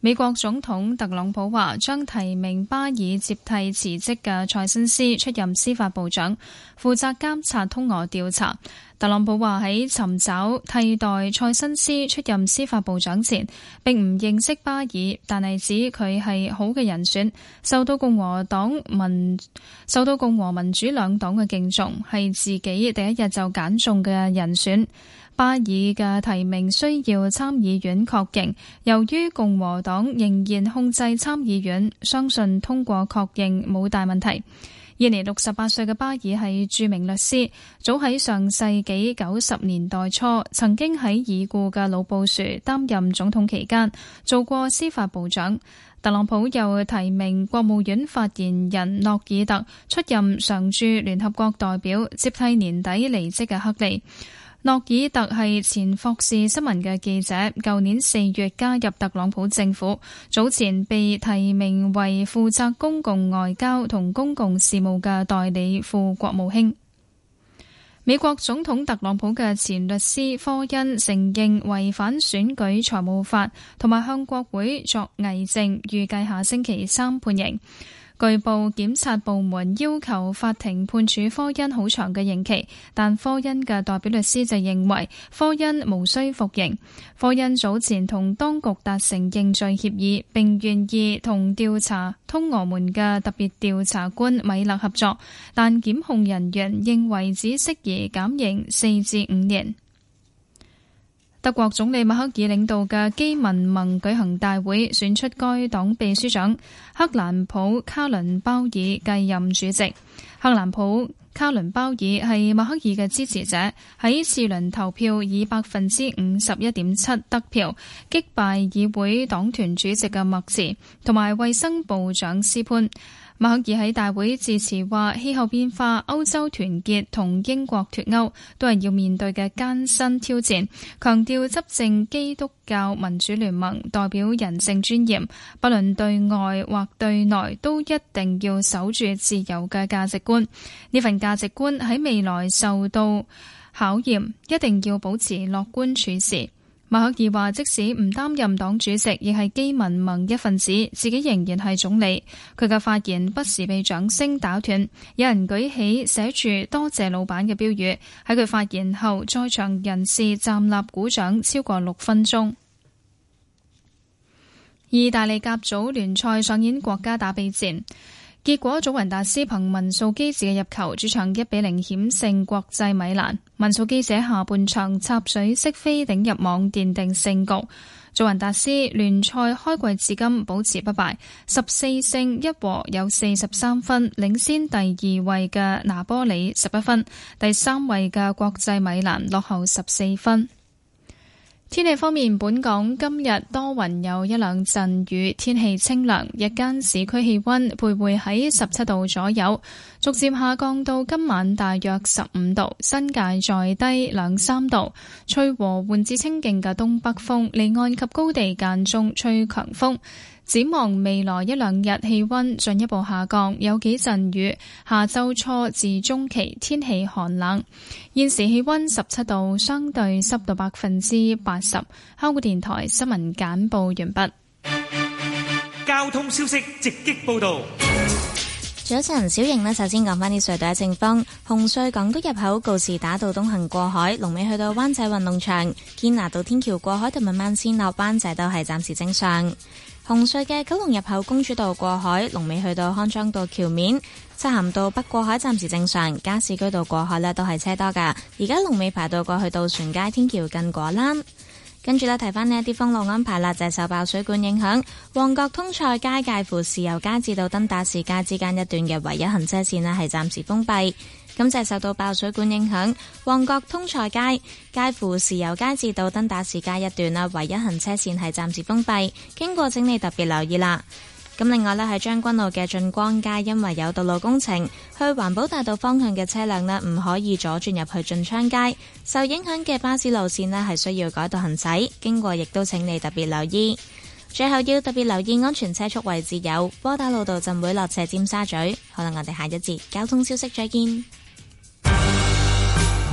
美國總統特朗普話將提名巴爾接替辭職嘅塞申斯出任司法部長，負責監察通俄調查。特朗普話喺尋找替代塞申斯出任司法部長前，並唔認識巴爾，但係指佢係好嘅人選，受到共和黨民、受到共和民主兩黨嘅敬重，係自己第一日就揀中嘅人選。巴爾嘅提名需要參議院確認，由於共和黨仍然控制參議院，相信通過確認冇大問題。現年六十八歲嘅巴爾係著名律師，早喺上世紀九十年代初曾經喺已故嘅老布殊擔任總統期間做過司法部長。特朗普又提名國務院發言人諾爾特出任常駐聯合國代表，接替年底離職嘅克利。諾爾特係前霍士新聞嘅記者，舊年四月加入特朗普政府，早前被提名為負責公共外交同公共事務嘅代理副國務卿。美國總統特朗普嘅前律師科恩承認違反選舉財務法，同埋向國會作偽證，預計下星期三判刑。據報，檢察部門要求法庭判處科恩好長嘅刑期，但科恩嘅代表律師就認為科恩無需服刑。科恩早前同當局達成認罪協議，並願意同調查通俄門嘅特別調查官米勒合作，但檢控人員認為只適宜減刑四至五年。德國總理默克爾領導嘅基民盟舉行大會，選出該黨秘書長克蘭普卡倫鮑爾繼任主席。克蘭普卡倫鮑爾係默克爾嘅支持者，喺次輪投票以百分之五十一點七得票擊敗議會黨團主席嘅默茨同埋衛生部長斯潘。默克爾喺大會致辭話：氣候變化、歐洲團結同英國脫歐都係要面對嘅艱辛挑戰。強調執政基督教民主聯盟代表人性尊嚴，不論對外或對內，都一定要守住自由嘅價值觀。呢份價值觀喺未來受到考驗，一定要保持樂觀處事。馬克爾話：即使唔擔任黨主席，亦係基民盟一份子，自己仍然係總理。佢嘅發言不時被掌聲打斷，有人舉起寫住多謝老闆嘅標語喺佢發言後，在場人士站立鼓掌超過六分鐘。意大利甲組聯賽上演國家打比戰。結果，祖雲達斯憑文素基治嘅入球，主場一比零險勝國際米蘭。文素基治下半場插水式飛頂入網，奠定勝局。祖雲達斯聯賽開季至今保持不敗，十四勝一和，有四十三分，領先第二位嘅拿波里十一分，第三位嘅國際米蘭落後十四分。天氣方面，本港今日多雲有一兩陣雨，天氣清涼，日間市區氣溫徘徊喺十七度左右，逐漸下降到今晚大約十五度，新界再低兩三度。吹和緩至清勁嘅東北風，離岸及高地間中吹強風。展望未來一兩日，氣溫進一步下降，有幾陣雨。下周初至中期天氣寒冷。現時氣溫十七度，相對濕度百分之八十。香港電台新聞簡報完畢。交通消息直擊報道。早晨，小瑩呢，首先講翻啲隧道嘅情況。紅隧港島入口告士打道東行過海，龍尾去到灣仔運動場堅拿道天橋過海，同慢慢先落班，灣仔都係暫時正常。紅隧嘅九龍入口公主道過海，龍尾去到康莊道橋面，漆咸道北過海暫時正常，加士居道過海都係車多噶。而家龍尾排到過去渡船街天橋近果欄，跟住呢，提翻呢一啲封路安排啦。就係受爆水管影響，旺角通菜街介乎豉油街至到登打士街之間一段嘅唯一行車線咧係暫時封閉。咁就受到爆水管影響，旺角通菜街、介乎豉油街至到登打士街一段啦，唯一行車線係暫時封閉，經過請你特別留意啦。咁另外呢，喺將軍澳嘅進光街，因為有道路工程，去環保大道方向嘅車輛呢唔可以左轉入去進昌街，受影響嘅巴士路綫呢係需要改道行駛，經過亦都請你特別留意。最後要特別留意安全車速位置有窩打老道、浸會落斜、尖沙咀。可能我哋下一節交通消息再見。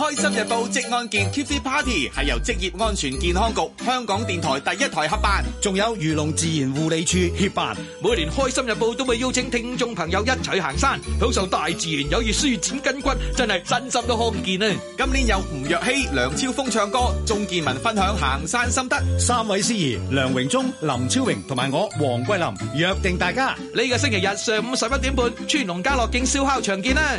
開心日報職安健 Keep It Party 係由職業安全健康局、香港電台第一台合辦，仲有漁農自然護理處協辦。每年開心日報都會邀請聽眾朋友一齊行山，享受大自然，有益舒展筋骨，真係身心都康健啊！今年有吳若希、梁超峰唱歌，鍾建文分享行山心得，三位司儀梁榮忠、林超榮同埋我黃桂林，約定大家呢個星期日上午十一點半，川龍家樂徑燒烤場見啦！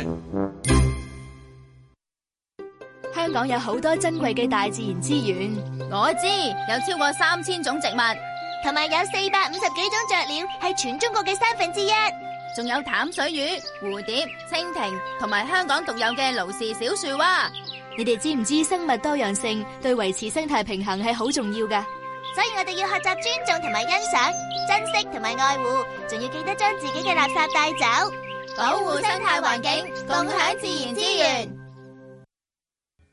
香港有好多珍貴嘅大自然資源，我知有超過三千種植物，同埋有四百五十幾種雀鳥係全中國嘅三分之一，仲有淡水魚、蝴蝶、蜻蜓同埋香港獨有嘅盧氏小樹蛙。你哋知唔知道生物多樣性對維持生態平衡係好重要噶？所以我哋要學習尊重同埋欣賞，珍惜同埋愛護，仲要記得將自己嘅垃圾帶走，保護生態環境，共享自然資源。.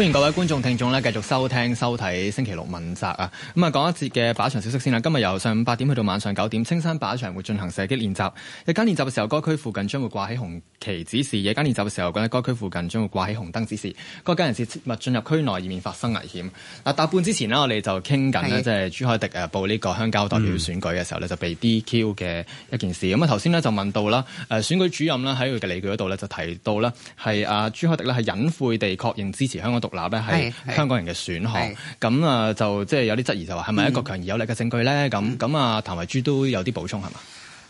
歡迎各位觀眾、聽眾咧，繼續收聽、收睇《星期六問責》啊！咁啊，講一節嘅靶場消息先啦。今日由上午八點去到晚上九點，青山靶場會進行射擊練習。日間練習嘅時候，該區附近將會掛起紅旗指示；夜間練習嘅時候，咁喺該區附近將會掛起紅燈指示，各界人士切勿進入區內，以免發生危險。嗱、啊，大半之前呢，我哋就傾緊呢，是即係朱凱廸誒報呢個鄉郊代表選舉嘅時候呢，嗯、就被 DQ 嘅一件事。咁啊，頭先呢，就問到啦，誒、呃、選舉主任咧喺佢嘅理據嗰度呢，就提到啦，係阿、啊、朱凱廸呢，係隱晦地確認支持香港獨立咧係香港人嘅選項，咁啊就即係有啲質疑，就話係咪一個強而有力嘅證據咧？咁咁啊，譚惠珠都有啲補充係嘛？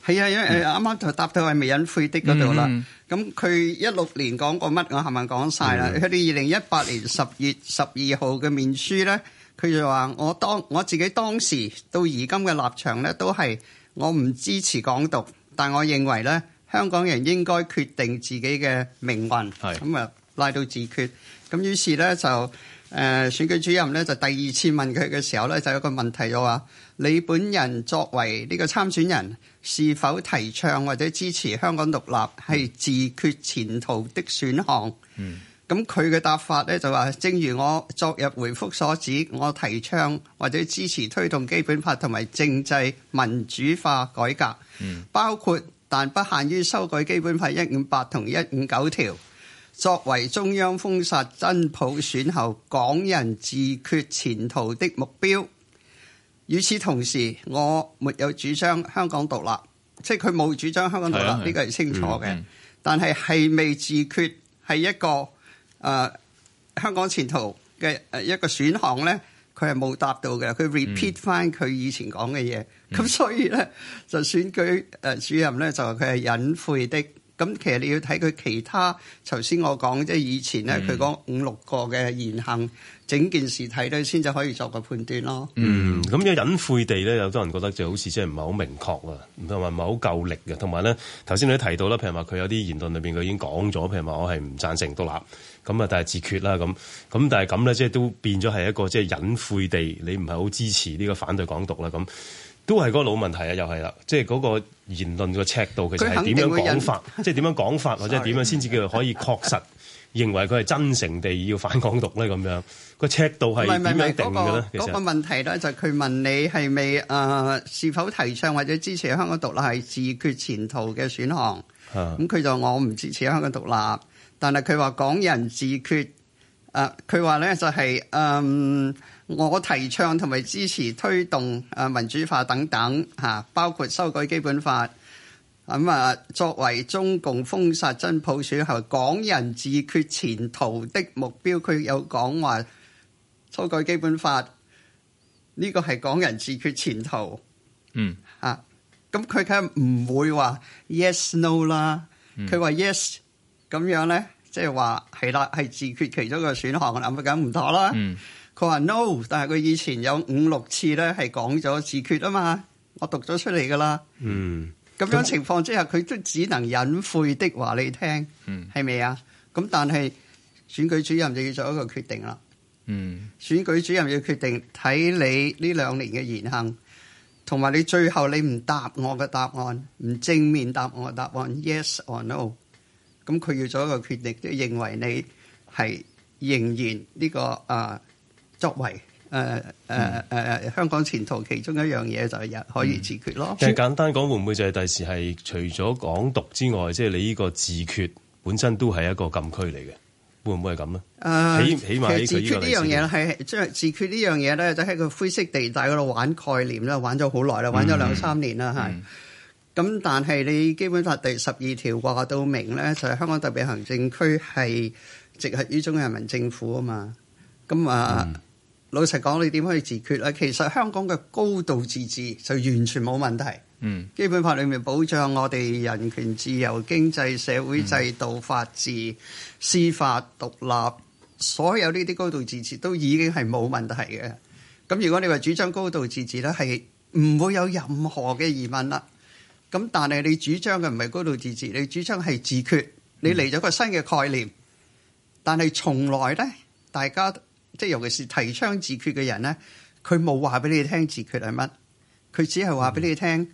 係啊，因為啱啱就答到係未隱晦的嗰度啦。咁佢一六年講過乜，我係咪講晒啦。佢二零一八年十月十二號嘅面書咧，佢就話我當我自己當時到而今嘅立場咧，都係我唔支持港獨，但我認為咧，香港人應該決定自己嘅命運，係咁啊拉到自決。咁於是咧就、呃、選舉主任咧就第二次問佢嘅時候咧就有一個問題就話：你本人作為呢個參選人，是否提倡或者支持香港獨立係自決前途的選項？嗯。咁佢嘅答法咧就話：正如我昨日回覆所指，我提倡或者支持推動基本法同埋政制民主化改革。嗯。包括但不限於修改基本法一五八同一五九條。作為中央封殺真普選後港人自決前途的目標，與此同時，我沒有主張香港獨立，即係佢冇主張香港獨立，呢個係清楚嘅。嗯、但係係未自決係一個啊、呃、香港前途嘅一個選項呢，佢係冇答到嘅。佢 repeat 翻佢以前講嘅嘢，咁、嗯、所以呢，就選舉誒主任呢，就話佢係隱晦的。咁其實你要睇佢其他，頭先我講即係以前咧，佢嗰五六個嘅言行，嗯、整件事睇咧，先就可以作個判斷咯。嗯，咁有隱晦地咧，有多人覺得最好事就好似即係唔係好明確啊，同埋唔係好夠力嘅。同埋咧，頭先你提到啦，譬如話佢有啲言論裏面，佢已經講咗，譬如話我係唔贊成獨立，咁啊但係自決啦咁，咁但係咁咧，即係都變咗係一個即係隱晦地，你唔係好支持呢個反對港獨啦咁。都係嗰個老問題啊，又係啦，即係嗰個言論個尺度其實係點樣講法，即係點樣講法， 或者點樣先至叫做可以確實認為佢係真誠地要反港獨咧？咁樣個尺度係點樣定嘅咧？其實嗰個問題咧就佢、是、問你係咪啊？是否提倡或者支持香港獨立係自決前途嘅選項？咁佢、啊、就我唔支持香港獨立，但係佢話港人自決。誒，佢話咧就係、是嗯，我提倡同埋支持推動誒民主化等等吓，包括修改基本法。咁啊，作為中共封殺真普選後，港人自決前途的目標，佢有講話修改基本法呢個係港人自決前途。嗯，吓、啊，咁佢梗唔會話 yes no 啦，佢話、嗯、yes 咁樣咧。即係話係啦，係自決其中一個選項啦，咁梗唔妥啦。佢話、嗯、No，但係佢以前有五六次咧係講咗自決啊嘛，我讀咗出嚟噶啦。咁、嗯、樣情況之下，佢都只能隱晦的話你聽，係咪啊？咁但係選舉主任就要做一個決定啦。嗯、選舉主任要決定睇你呢兩年嘅言行，同埋你最後你唔答我嘅答案，唔正面答我嘅答案 Yes or No。咁佢要做一個決定，即係認為你係仍然呢、呢個啊作為誒誒誒香港前途其中一樣嘢，就係可以自決咯。即係、嗯、簡單講，會唔會就係第時係除咗港獨之外，即、就、係、係、你呢個自決本身都係一個禁區嚟嘅？會唔會係咁咧？誒、啊，起碼這個自決呢樣嘢係將自決呢樣嘢咧，就喺個灰色地帶嗰度玩概念啦，玩咗好耐啦，嗯、玩咗兩三年啦，嚇、嗯。嗯。咁但係你基本法第十二條話到明呢，就係、是、香港特別行政區係直轄於中央人民政府啊嘛。咁啊，嗯、老實講，你點可以自決呢？其實香港嘅高度自治就完全冇問題。嗯，基本法裏面保障我哋人權、自由、經濟、社會制度、法治、司法獨立，所有呢啲高度自治都已經係冇問題嘅。咁如果你話主張高度自治呢，係唔會有任何嘅疑問啦。咁但係你主張嘅唔係高度自治，你主張係自決，你嚟咗個新嘅概念。但係從來呢，大家即係尤其是提倡自決嘅人呢，佢冇話俾你聽自決係乜，佢只係話俾你聽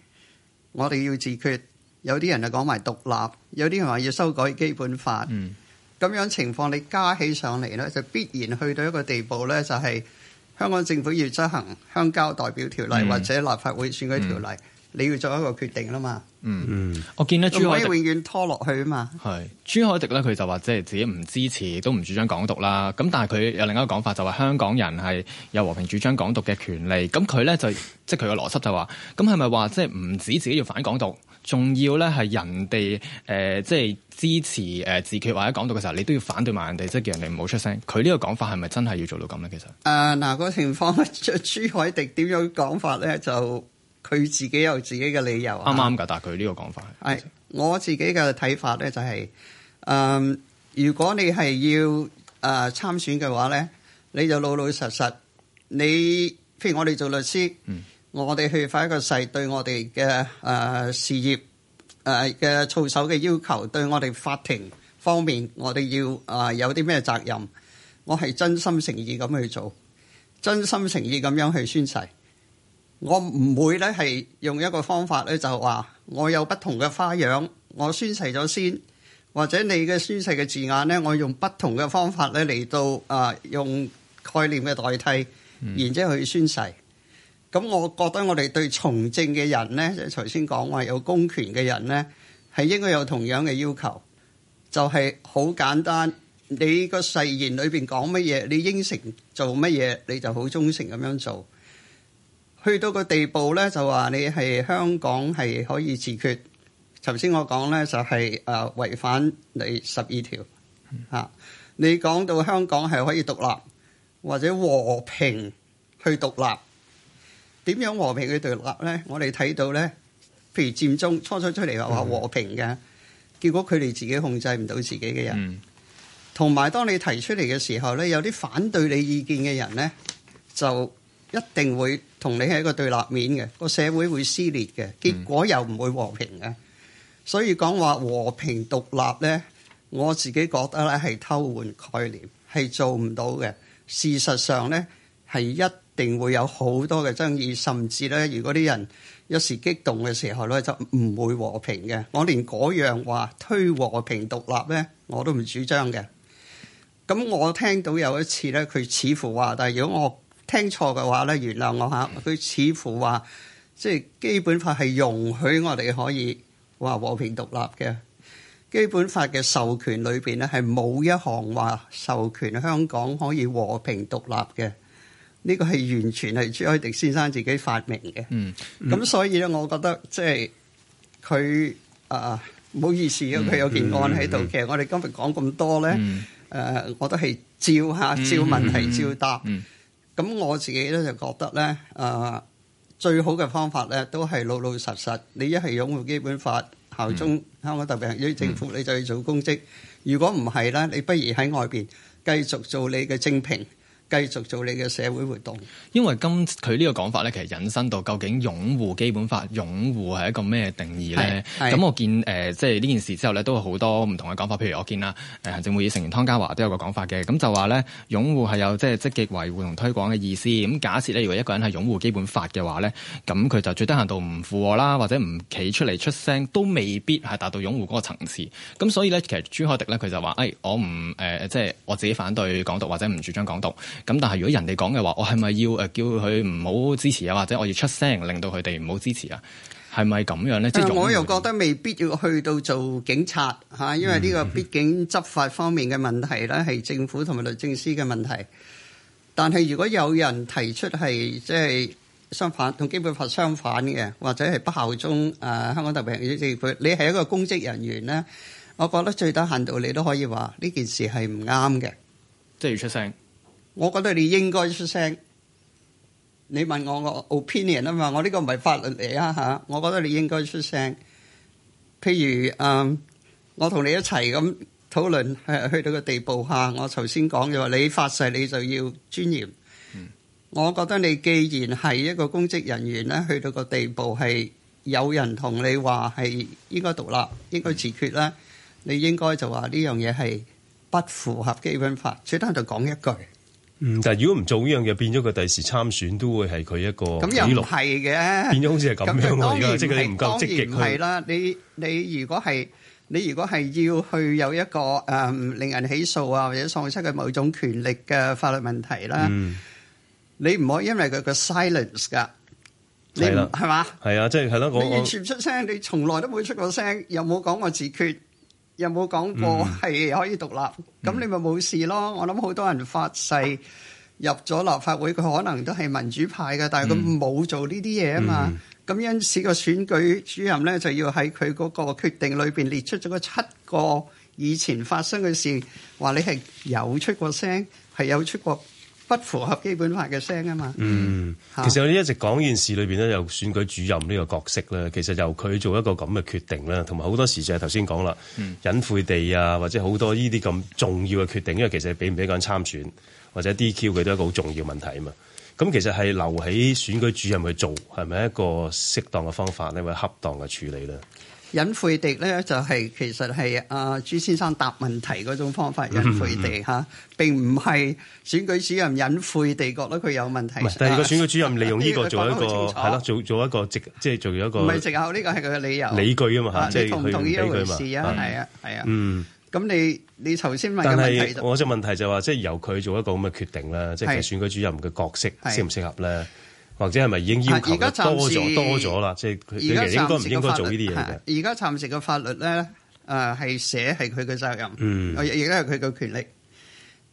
我哋要自決、嗯、有啲人就講埋獨立，有啲人話要修改基本法。咁、嗯、樣情況你加起上嚟呢，就必然去到一個地步呢，就係香港政府要執行《鄉郊代表條例》或者立法會選舉條例。嗯嗯你要做一個決定啦嘛，嗯嗯，嗯我見得朱凱廸，咁永遠拖落去啊嘛，係朱凱廸咧，佢就話即係自己唔支持，都唔主張港獨啦。咁但係佢有另一個講法，就話、是、香港人係有和平主張港獨嘅權利。咁佢咧就即係佢嘅邏輯就話，咁係咪話即係唔止自己要反港獨，仲要咧係人哋誒、呃、即係支持誒、呃、自決或者港獨嘅時候，你都要反對埋人哋，即係叫人哋唔好出聲。佢呢個講法係咪真係要做到咁咧？其實誒嗱，那個情況朱凱廸點樣講法咧就。佢自己有自己嘅理由，啱啱噶，但佢呢個講法係。我自己嘅睇法咧就係、是，誒、呃，如果你係要誒參、呃、選嘅話咧，你就老老實實，你譬如我哋做律師，嗯、我哋去發一個誓，對我哋嘅誒事業誒嘅操守嘅要求，對我哋法庭方面，我哋要誒、呃、有啲咩責任，我係真心誠意咁去做，真心誠意咁樣去宣誓。我唔會咧，係用一個方法咧，就話我有不同嘅花樣，我宣誓咗先，或者你嘅宣誓嘅字眼咧，我用不同嘅方法咧嚟到啊，用概念嘅代替，然之後去宣誓。咁、嗯、我覺得我哋對從政嘅人咧，即係頭先講話有公權嘅人咧，係應該有同樣嘅要求，就係、是、好簡單，你個誓言裏邊講乜嘢，你應承做乜嘢，你就好忠誠咁樣做。去到個地步咧，就話你係香港係可以自決。頭先我講咧、就是，就係誒違反、嗯啊、你十二條嚇。你講到香港係可以獨立或者和平去獨立，點樣和平去獨立咧？我哋睇到咧，譬如佔中初初出嚟話和平嘅，嗯、結果佢哋自己控制唔到自己嘅人，同埋、嗯、當你提出嚟嘅時候咧，有啲反對你意見嘅人咧，就一定會。同你係一個對立面嘅，個社會會撕裂嘅，結果又唔會和平嘅。所以講話和平獨立呢，我自己覺得咧係偷換概念，係做唔到嘅。事實上呢，係一定會有好多嘅爭議，甚至呢，如果啲人有時激動嘅時候呢，就唔會和平嘅。我連嗰樣話推和平獨立呢，我都唔主張嘅。咁我聽到有一次呢，佢似乎話，但係如果我聽錯嘅話咧，原諒我嚇。佢似乎話即係基本法係容許我哋可以話和平獨立嘅。基本法嘅授權裏邊咧，係冇一項話授權香港可以和平獨立嘅。呢個係完全係朱凱廸先生自己發明嘅、嗯。嗯，咁所以咧，我覺得即係佢啊，唔、呃、唔好意思啊，佢有件案喺度。嗯嗯、其實我哋今日講咁多咧，誒、嗯呃，我都係照下照問題照答。嗯嗯嗯嗯。咁我自己咧就覺得咧，誒、啊、最好嘅方法咧都係老老實實。你一係擁護基本法、效忠香港特別行政區政府，嗯、你就去做公職；如果唔係咧，你不如喺外邊繼續做你嘅政評。繼續做你嘅社會活動。因為今佢呢個講法咧，其實引申到究竟擁護基本法，擁護係一個咩定義咧？咁是我見誒，即係呢件事之後咧，都有好多唔同嘅講法。譬如我見啦，誒、行政會議成員湯家驊都有個講法嘅，咁就話咧，擁護係有即係積極維護同推廣嘅意思。咁假設咧，如果一個人係擁護基本法嘅話咧，咁佢就最低限度唔附和啦，或者唔企出嚟出聲，都未必係達到擁護嗰個層次。咁所以咧，其實朱凱廸咧，佢就話，誒、哎，我唔即係我自己反對港獨或者唔主張港獨。咁但係如果人哋講嘅話，我係咪要、呃、叫佢唔好支持啊？或者我要出聲，令到佢哋唔好支持啊？係咪咁樣咧？啊、嗯，我又覺得未必要去到做警察、啊、因為呢個畢竟執法方面嘅問題咧，係政府同埋律政司嘅問題。但係如果有人提出係即、係、相反同基本法相反嘅，或者係不效忠誒、呃、香港特別行政區，你係一個公職人員咧，我覺得最低限度你都可以話呢件事係唔啱嘅，即係要出聲。我覺得你應該出聲。你問我的 opinion，我 opinion 啊嘛，我呢個唔係法律嚟啊吓。我覺得你應該出聲。譬如、嗯、我同你一齊咁討論，係去到個地步吓。我頭先講嘅話你發誓，你就要尊嚴。嗯、我覺得你既然係一個公職人員咧，去到個地步係有人同你話係應該獨立，應該自決啦。你應該就話呢樣嘢係不符合基本法。最單就講一句。嗯，但係如果唔做呢樣嘢，變咗佢第時參選都會係佢一個記錄，變咗好似係咁樣嘅。咁當然唔係，即係你唔夠積極去，當然唔係啦。你你如果係你如果係要去有一個誒令人起訴啊或者喪失佢某種權力嘅法律問題啦，你唔可以因為佢個 silence 噶，係啦，係嘛？係啊，即係係咯，你完全唔出聲，你從來都冇出過聲，又冇講過自決。有冇講過係可以獨立？咁、嗯、你咪冇事咯。嗯、我諗好多人發誓入咗立法會，佢可能都係民主派嘅，但係佢冇做呢啲嘢啊嘛。咁、嗯、因此個選舉主任呢，就要喺佢嗰個決定裏邊列出咗個七個以前發生嘅事，話你係有出過聲，係有出過。不符合基本法嘅聲啊嘛，嗯，其實我哋一直講件事裏邊咧，有選舉主任呢個角色咧，其實由佢做一個咁嘅決定咧，同埋好多時就係頭先講啦，隱晦地啊，或者好多呢啲咁重要嘅決定，因為其實俾唔俾個人參選或者 DQ 佢都係一個好重要嘅問題啊嘛，咁其實係留喺選舉主任去做，係咪一個適當嘅方法咧，或者恰當嘅處理咧？隱晦地咧，就係、是、其實係阿、啊、朱先生答問題嗰種方法，隱晦地吓，並唔係選舉主任隱晦地覺得佢有問題。但第二個選舉主任利用呢個做一個係咯，做做一個即係做一個唔係借口，呢個係佢嘅理由、理據嘛啊嘛吓，即係佢同同意一回事啊，係啊，係啊。嗯，咁你你頭先問，我只問題就係話，即係由佢做一個咁嘅決定啦，是的即係其實選舉主任嘅角色適唔適合咧？或者係咪已經要求多咗多咗啦？即係佢應該唔應該做呢啲嘢嘅？而家暫時嘅法律咧，誒係寫係佢嘅責任，嗯，亦都係佢嘅權力。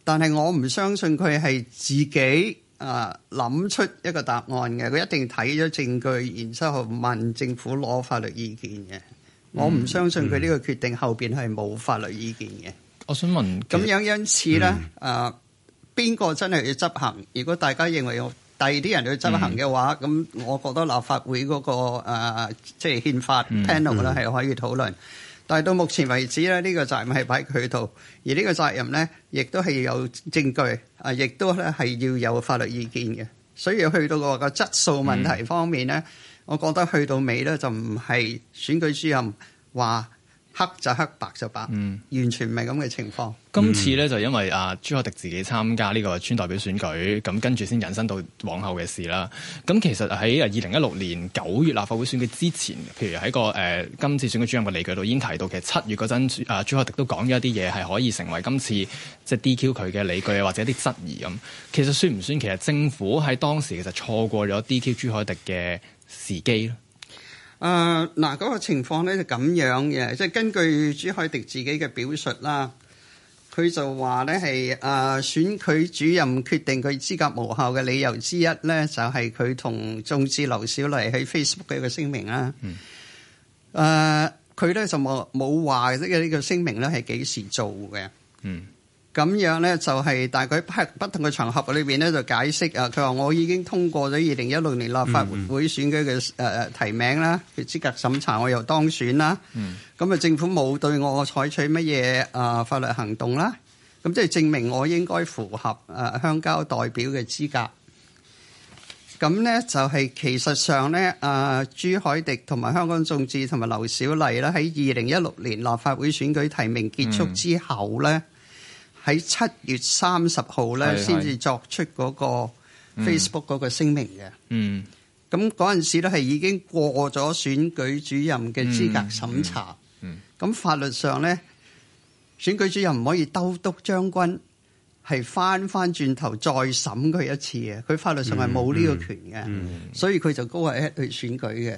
但係我唔相信佢係自己啊諗、呃、出一個答案嘅。佢一定睇咗證據，然之後問政府攞法律意見嘅。嗯、我唔相信佢呢個決定後邊係冇法律意見嘅。我想問，咁樣因此咧，誒、嗯，邊個、呃、真係要執行？如果大家認為我？第二啲人去執行嘅話，咁我覺得立法會嗰個誒，即係憲法 panel 咧係可以討論。但係到目前為止咧，呢個責任係擺喺佢度，而呢個責任咧，亦都係有證據，啊，亦都咧係要有法律意見嘅。所以去到個質素問題方面咧，我覺得去到尾咧就唔係選舉主任話。黑就黑，白就白，嗯、完全唔係咁嘅情況。今次咧、嗯、就因為阿、啊、朱凱廸自己參加呢個村代表選舉，咁跟住先引申到往後嘅事啦。咁其實喺二零一六年九月立法會選舉之前，譬如喺個誒、呃、今次選舉主任嘅理據度已經提到的，其實七月嗰陣、啊、朱朱凱廸都講咗一啲嘢係可以成為今次即係 DQ 佢嘅理據，或者一啲質疑咁。其實算唔算？其實政府喺當時其實錯過咗 DQ 朱凱廸嘅時機。誒嗱，嗰、呃那個情況咧就咁樣嘅，即係根據朱凱廸自己嘅表述啦，佢就話咧係誒選舉主任決定佢資格無效嘅理由之一咧，就係佢同眾志劉小麗喺 Facebook 嘅一個聲明啦。誒、嗯，佢咧、呃、就冇冇話即係呢個聲明咧係幾時做嘅。嗯。咁樣咧，就係大概喺不同嘅場合裏邊咧，就解釋啊。佢話我已經通過咗二零一六年立法會選舉嘅誒提名啦，佢資格審查我又當選啦。咁啊，政府冇對我採取乜嘢啊法律行動啦。咁即係證明我應該符合啊鄉郊代表嘅資格。咁咧就係其實上咧啊，朱凱廸同埋香港眾志同埋劉小麗咧，喺二零一六年立法會選舉提名結束之後咧，喺七月三十號咧，先至作出嗰個 Facebook 嗰個聲明嘅。嗯，咁嗰陣時咧係已經過咗選舉主任嘅資格審查。嗯，咁法律上咧，選舉主任唔可以兜篤將軍，係翻翻轉頭再審佢一次嘅。佢法律上係冇呢個權嘅，所以佢就高一去隊選舉嘅。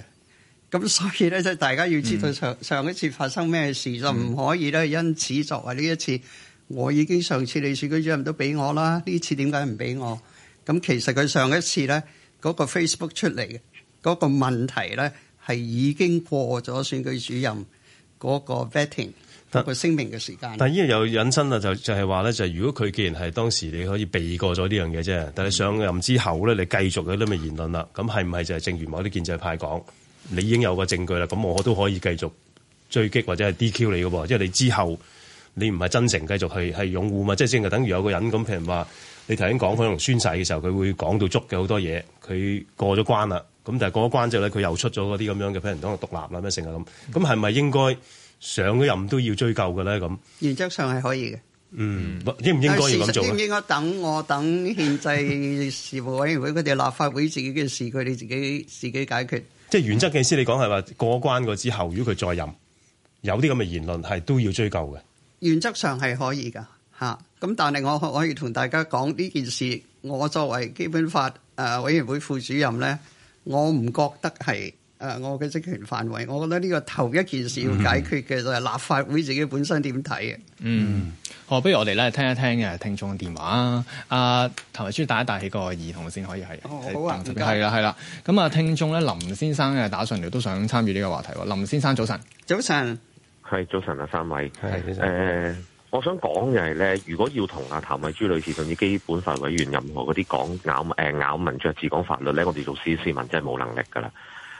咁所以咧，即係大家要知道上上一次發生咩事就唔可以咧，因此作為呢一次。我已經上次你選舉主任都俾我啦，呢次點解唔俾我？咁其實佢上一次咧嗰個 Facebook 出嚟嗰個問題咧，係已經過咗選舉主任嗰個 vetting 個聲明嘅時間但。但係依樣又引申啊，就就係話咧，就係如果佢既然係當時你可以避過咗呢樣嘢啫，但係上任之後咧，你繼續有啲咪言論啦，咁係唔係就係正如某啲建制派講，你已經有個證據啦，咁我都可以繼續追擊或者係 DQ 你嘅喎，即係你之後。你唔係真誠，繼續去係擁護嘛？即係先係等於有個人咁。譬如話，你頭先講可能宣誓嘅時候，佢會講到捉嘅好多嘢，佢過咗關啦。咁但係過咗關之後咧，佢又出咗嗰啲咁樣嘅，譬如講獨立啦咩，成日咁。咁係咪應該上咗任都要追究嘅咧？咁原則上係可以嘅，嗯，嗯應唔應該要咁做啊？應唔應該等我等憲制事務委員會，佢哋立法會自己嘅事，佢哋自己自己解決。即係原則嘅意思，你講係話過關過之後，如果佢再任有啲咁嘅言論，係都要追究嘅。原則上係可以噶嚇，咁但係我我可以同大家講呢件事，我作為基本法誒委員會副主任咧，我唔覺得係誒我嘅職權範圍，我覺得呢個頭一件事要解決嘅就係立法會自己本身點睇嘅。嗯，好，不如我哋咧聽一聽誒聽，聽眾電話啊。阿譚惠珠打一打起個耳筒先可以係、哦。好啊，係啦係啦。咁啊謝，聽眾咧林先生誒打上嚟都想參與呢個話題喎。林先生早晨。早晨。早晨係早晨啊，三位。係誒、呃，我想講就係咧，如果要同阿譚惠珠女士甚至基本法委員任何嗰啲講咬誒、呃、咬文嚼字講法律咧，我哋做市市民真係冇能力噶啦。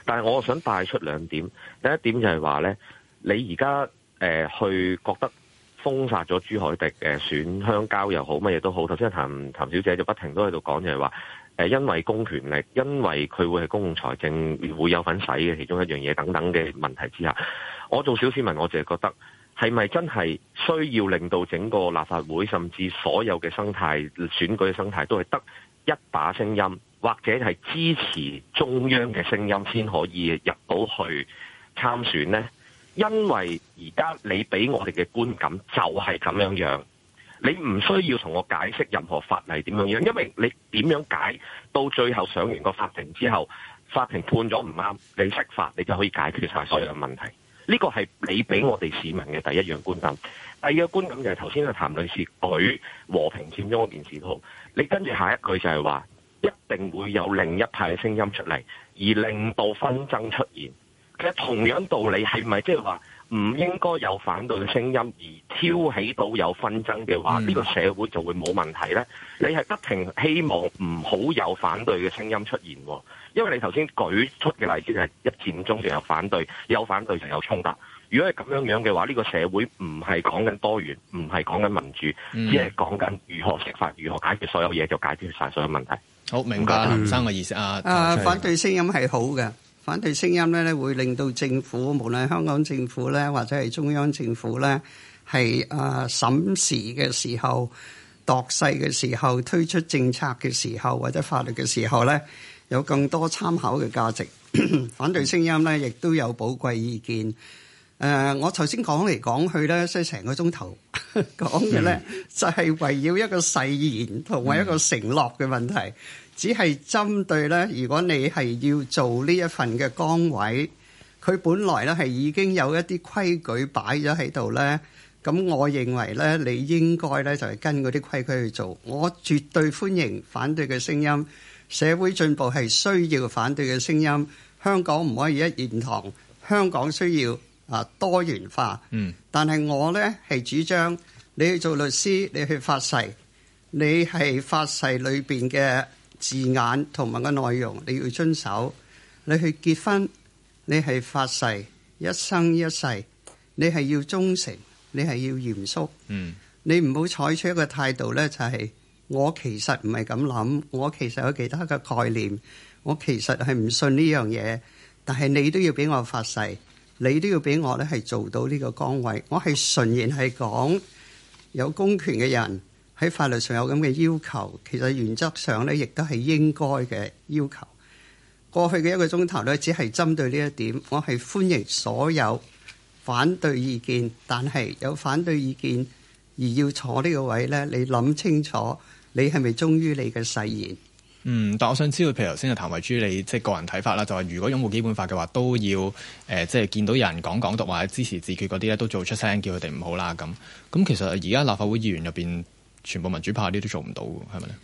但係我想帶出兩點，第一點就係話咧，你而家誒去覺得封殺咗朱凱廸誒、呃、選鄉郊又好乜嘢都好，頭先譚譚小姐就不停都喺度講就係話誒，因為公權力，因為佢會係公共財政會有份使嘅其中一樣嘢等等嘅問題之下。我做小市民，我淨係覺得係咪真係需要令到整個立法會，甚至所有嘅生態選舉嘅生態，都係得一把聲音，或者係支持中央嘅聲音，先可以入到去參選咧？因為而家你俾我哋嘅觀感就係咁樣樣，你唔需要同我解釋任何法例點樣樣，因為你點樣解到最後上完個法庭之後，法庭判咗唔啱，你釋法，你就可以解決晒所有嘅問題。呢個係你俾我哋市民嘅第一樣觀感，第二個觀感就係頭先阿譚女士舉和平佔中嗰件事都好，你跟住下一句就係話一定會有另一派嘅聲音出嚟，而令到紛爭出現。其實同樣道理係咪即係話唔應該有反對嘅聲音而挑起到有紛爭嘅話，呢、嗯、個社會就會冇問題呢？你係不停希望唔好有反對嘅聲音出現喎？因為你頭先舉出嘅例子係一戰中就有反對，有反對就有衝突。如果係咁樣樣嘅話，呢、呢個社會唔係講緊多元，唔係講緊民主，嗯、只係講緊如何食飯、如何解決所有嘢就解決晒所有問題。好，明白林生嘅意思啊！啊，啊來反，反對聲音係好嘅，反對聲音咧咧會令到政府，無論香港政府咧或者係中央政府咧，係啊審視嘅時候。度勢嘅時候，推出政策嘅時候，或者法律嘅時候呢，有更多參考嘅價值。 反對聲音呢，亦都有寶貴意見。誒、呃，我頭先講嚟講去呢，即係成個鐘頭講嘅呢，就係圍繞一個誓言同埋一個承諾嘅問題。只係針對呢，如果你係要做呢一份嘅崗位，佢本來呢係已經有一啲規矩擺咗喺度呢。咁，我認為咧，你應該咧就係跟嗰啲規矩去做。我絕對歡迎反對嘅聲音，社會進步係需要反對嘅聲音。香港唔可以一言堂，香港需要啊多元化。嗯，但係我咧係主張你去做律師，你去發誓，你係發誓裏邊嘅字眼同埋個內容，你要遵守。你去結婚，你係發誓一生一世，你係要忠誠。你係要嚴肅，嗯、你唔好採取一個態度呢就係、是、我其實唔係咁諗，我其實有其他嘅概念，我其實係唔信呢樣嘢。但係你都要俾我發誓，你都要俾我呢係做到呢個崗位。我係純然係講有公權嘅人喺法律上有咁嘅要求，其實原則上呢亦都係應該嘅要求。過去嘅一個鐘頭呢，只係針對呢一點，我係歡迎所有反對意見，但係有反對意見而要坐呢個位呢，你諗清楚，你係咪忠於你嘅誓言？嗯，但我想知道，譬如頭先嘅譚惠珠，你即係個人睇法啦，就話、是、如果擁護基本法嘅話，都要誒、呃、即係見到有人講港獨或者支持自決嗰啲咧，都做出聲，叫佢哋唔好啦。咁咁，其實而家立法會議員入邊，全部民主派啲都做唔到，係咪咧？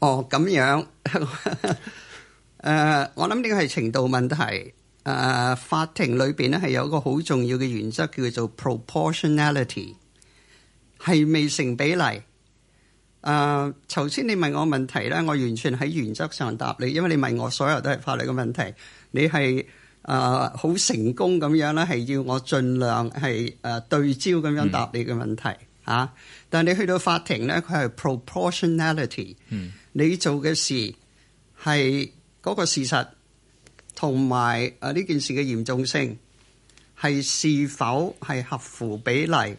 哦，咁樣誒、 呃，我諗呢個係程度問題。誒，uh, 法庭裏邊咧，係有一個好重要嘅原則叫做 proportionality，係未成比例。誒，頭先你問我問題咧，我完全喺原則上答你，因為你問我所有都係法律嘅問題。你係誒好成功咁樣咧，係要我盡量係誒對焦咁樣答你嘅問題啊，嗯、但係你去到法庭咧，佢係 proportionality、嗯、你做嘅事係個事實。同埋呢件事嘅嚴重性係是，是否係合乎比例，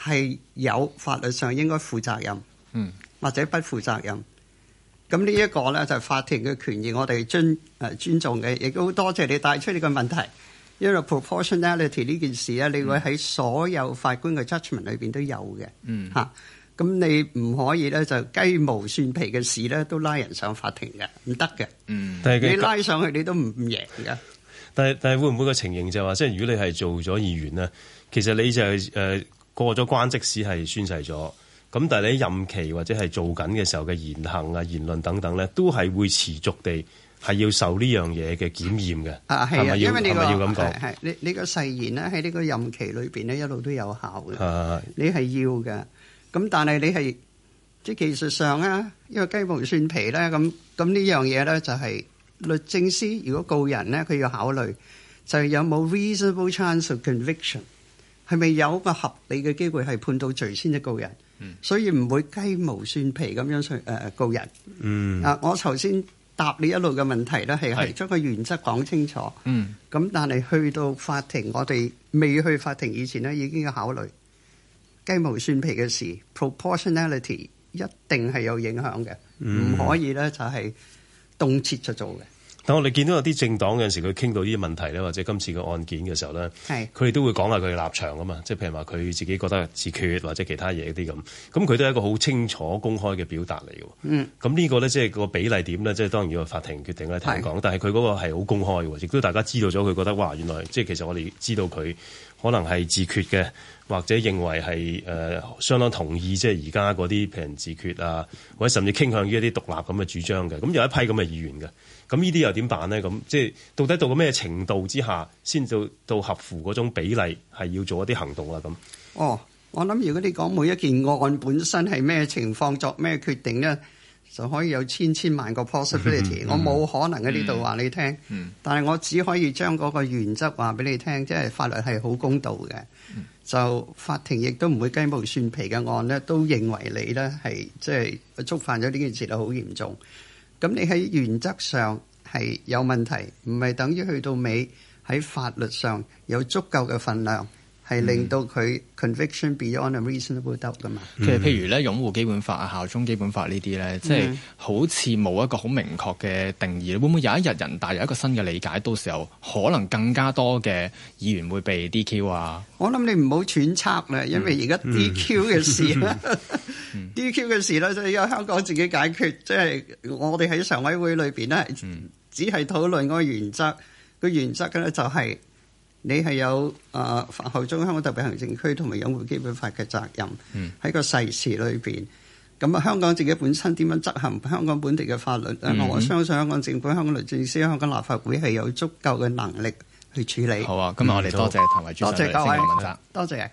係有法律上應該負責任，嗯，或者不負責任。咁呢一個咧就係法庭嘅權益，我哋尊尊重嘅，亦都好多謝你帶出呢個問題。因為 proportionality 呢件事咧，你會喺所有法官嘅 judgment 裏面都有嘅，嗯，啊咁你唔可以咧，就雞毛蒜皮嘅事咧，都拉人上法庭嘅，唔得嘅。嗯，但是你拉上去，你都唔贏嘅，嗯。但係但係，會唔會個情形就話，即、就、係、是、如果你係做咗議員呢，其實你就誒、呃、過咗關，即使係宣誓咗咁，但係你任期或者係做緊嘅時候嘅言行啊、言論等等咧，都係會持續地係要受呢樣嘢嘅檢驗嘅啊，係啊，係咪要因為、這個、係咪要你個係你你個誓言咧喺呢個任期裏邊咧一路都有效嘅？係啊，係啊你係要嘅。咁但係你係即技術上啊，因為雞毛蒜皮咧，咁咁呢樣嘢咧就係律政司如果告人咧，佢要考慮就係有冇 reasonable chance of conviction，係咪有個合理嘅機會係判到罪先至告人？嗯。所以唔會雞毛蒜皮咁樣去誒告人。嗯。啊，我頭先答你一路嘅問題咧，係係將個原則講清楚。嗯。咁但係去到法庭，我哋未去法庭以前咧，已經要考慮。雞毛蒜皮嘅事，proportionality 一定係有影響嘅，唔、嗯、可以呢，就係動輒就做嘅。等我哋見到有啲政黨有陣時，佢傾到呢啲問題咧，或者今次嘅案件嘅時候咧，佢哋是都會講下佢嘅立場啊嘛。即係譬如話佢自己覺得自決，或者其他嘢啲咁，咁佢都係一個好清楚公開嘅表達嚟嘅。嗯，咁呢個咧即係個比例點咧，即係當然要法庭決定咧，聽講是。但係佢嗰個係好公開喎，亦都大家知道咗，佢覺得哇，原來即係其實我哋知道佢可能係自決嘅，或者認為係誒、呃、相當同意即係而家嗰啲譬如自決啊，或者甚至傾向於一啲獨立咁嘅主張嘅。咁有一批咁嘅議員嘅。咁呢啲又點辦咧？咁即係到底到個咩程度之下，先至到合乎嗰種比例，係要做一啲行動啦？咁哦，我諗如果你講每一件案本身係咩情況，作咩決定咧，就可以有千千萬個 possibility、嗯。嗯、我冇可能喺呢度話你聽，嗯、但係我只可以將嗰個原則話俾你聽，即係法律係好公道嘅。嗯、就法庭亦都唔會雞毛蒜皮嘅案咧，都認為你咧係即係觸犯咗呢件事都好嚴重。咁你喺原則上係有問題，唔係等於去到尾喺法律上有足夠嘅份量。係令到佢 conviction beyond reason a b l e doubt 噶嘛？佢、嗯、譬如咧，擁護基本法啊、效忠基本法呢啲咧，即係好似冇一個好明確嘅定義。嗯、會唔會有一日人大有一個新嘅理解，到時候可能更加多嘅議員會被 DQ 啊？我諗你唔好揣測啦，因為而家 DQ 嘅事、嗯嗯、 ，DQ 嘅事咧就要香港自己解決。即、就、係、是、我哋喺常委會裏面咧，只係討論嗰個原則。個、嗯、原則嘅咧就係、是。你係有啊、呃，效忠香港特別行政區同埋《擁護基本法》嘅責任、嗯，喺個誓詞裏邊，咁啊香港自己本身點樣執行香港本地嘅法律？嗯、我相信香港政府、香港律政司、香港立法會係有足夠嘅能力去處理。好啊，今日我哋、嗯、多謝譚惠珠嘅聲明問多謝。多謝。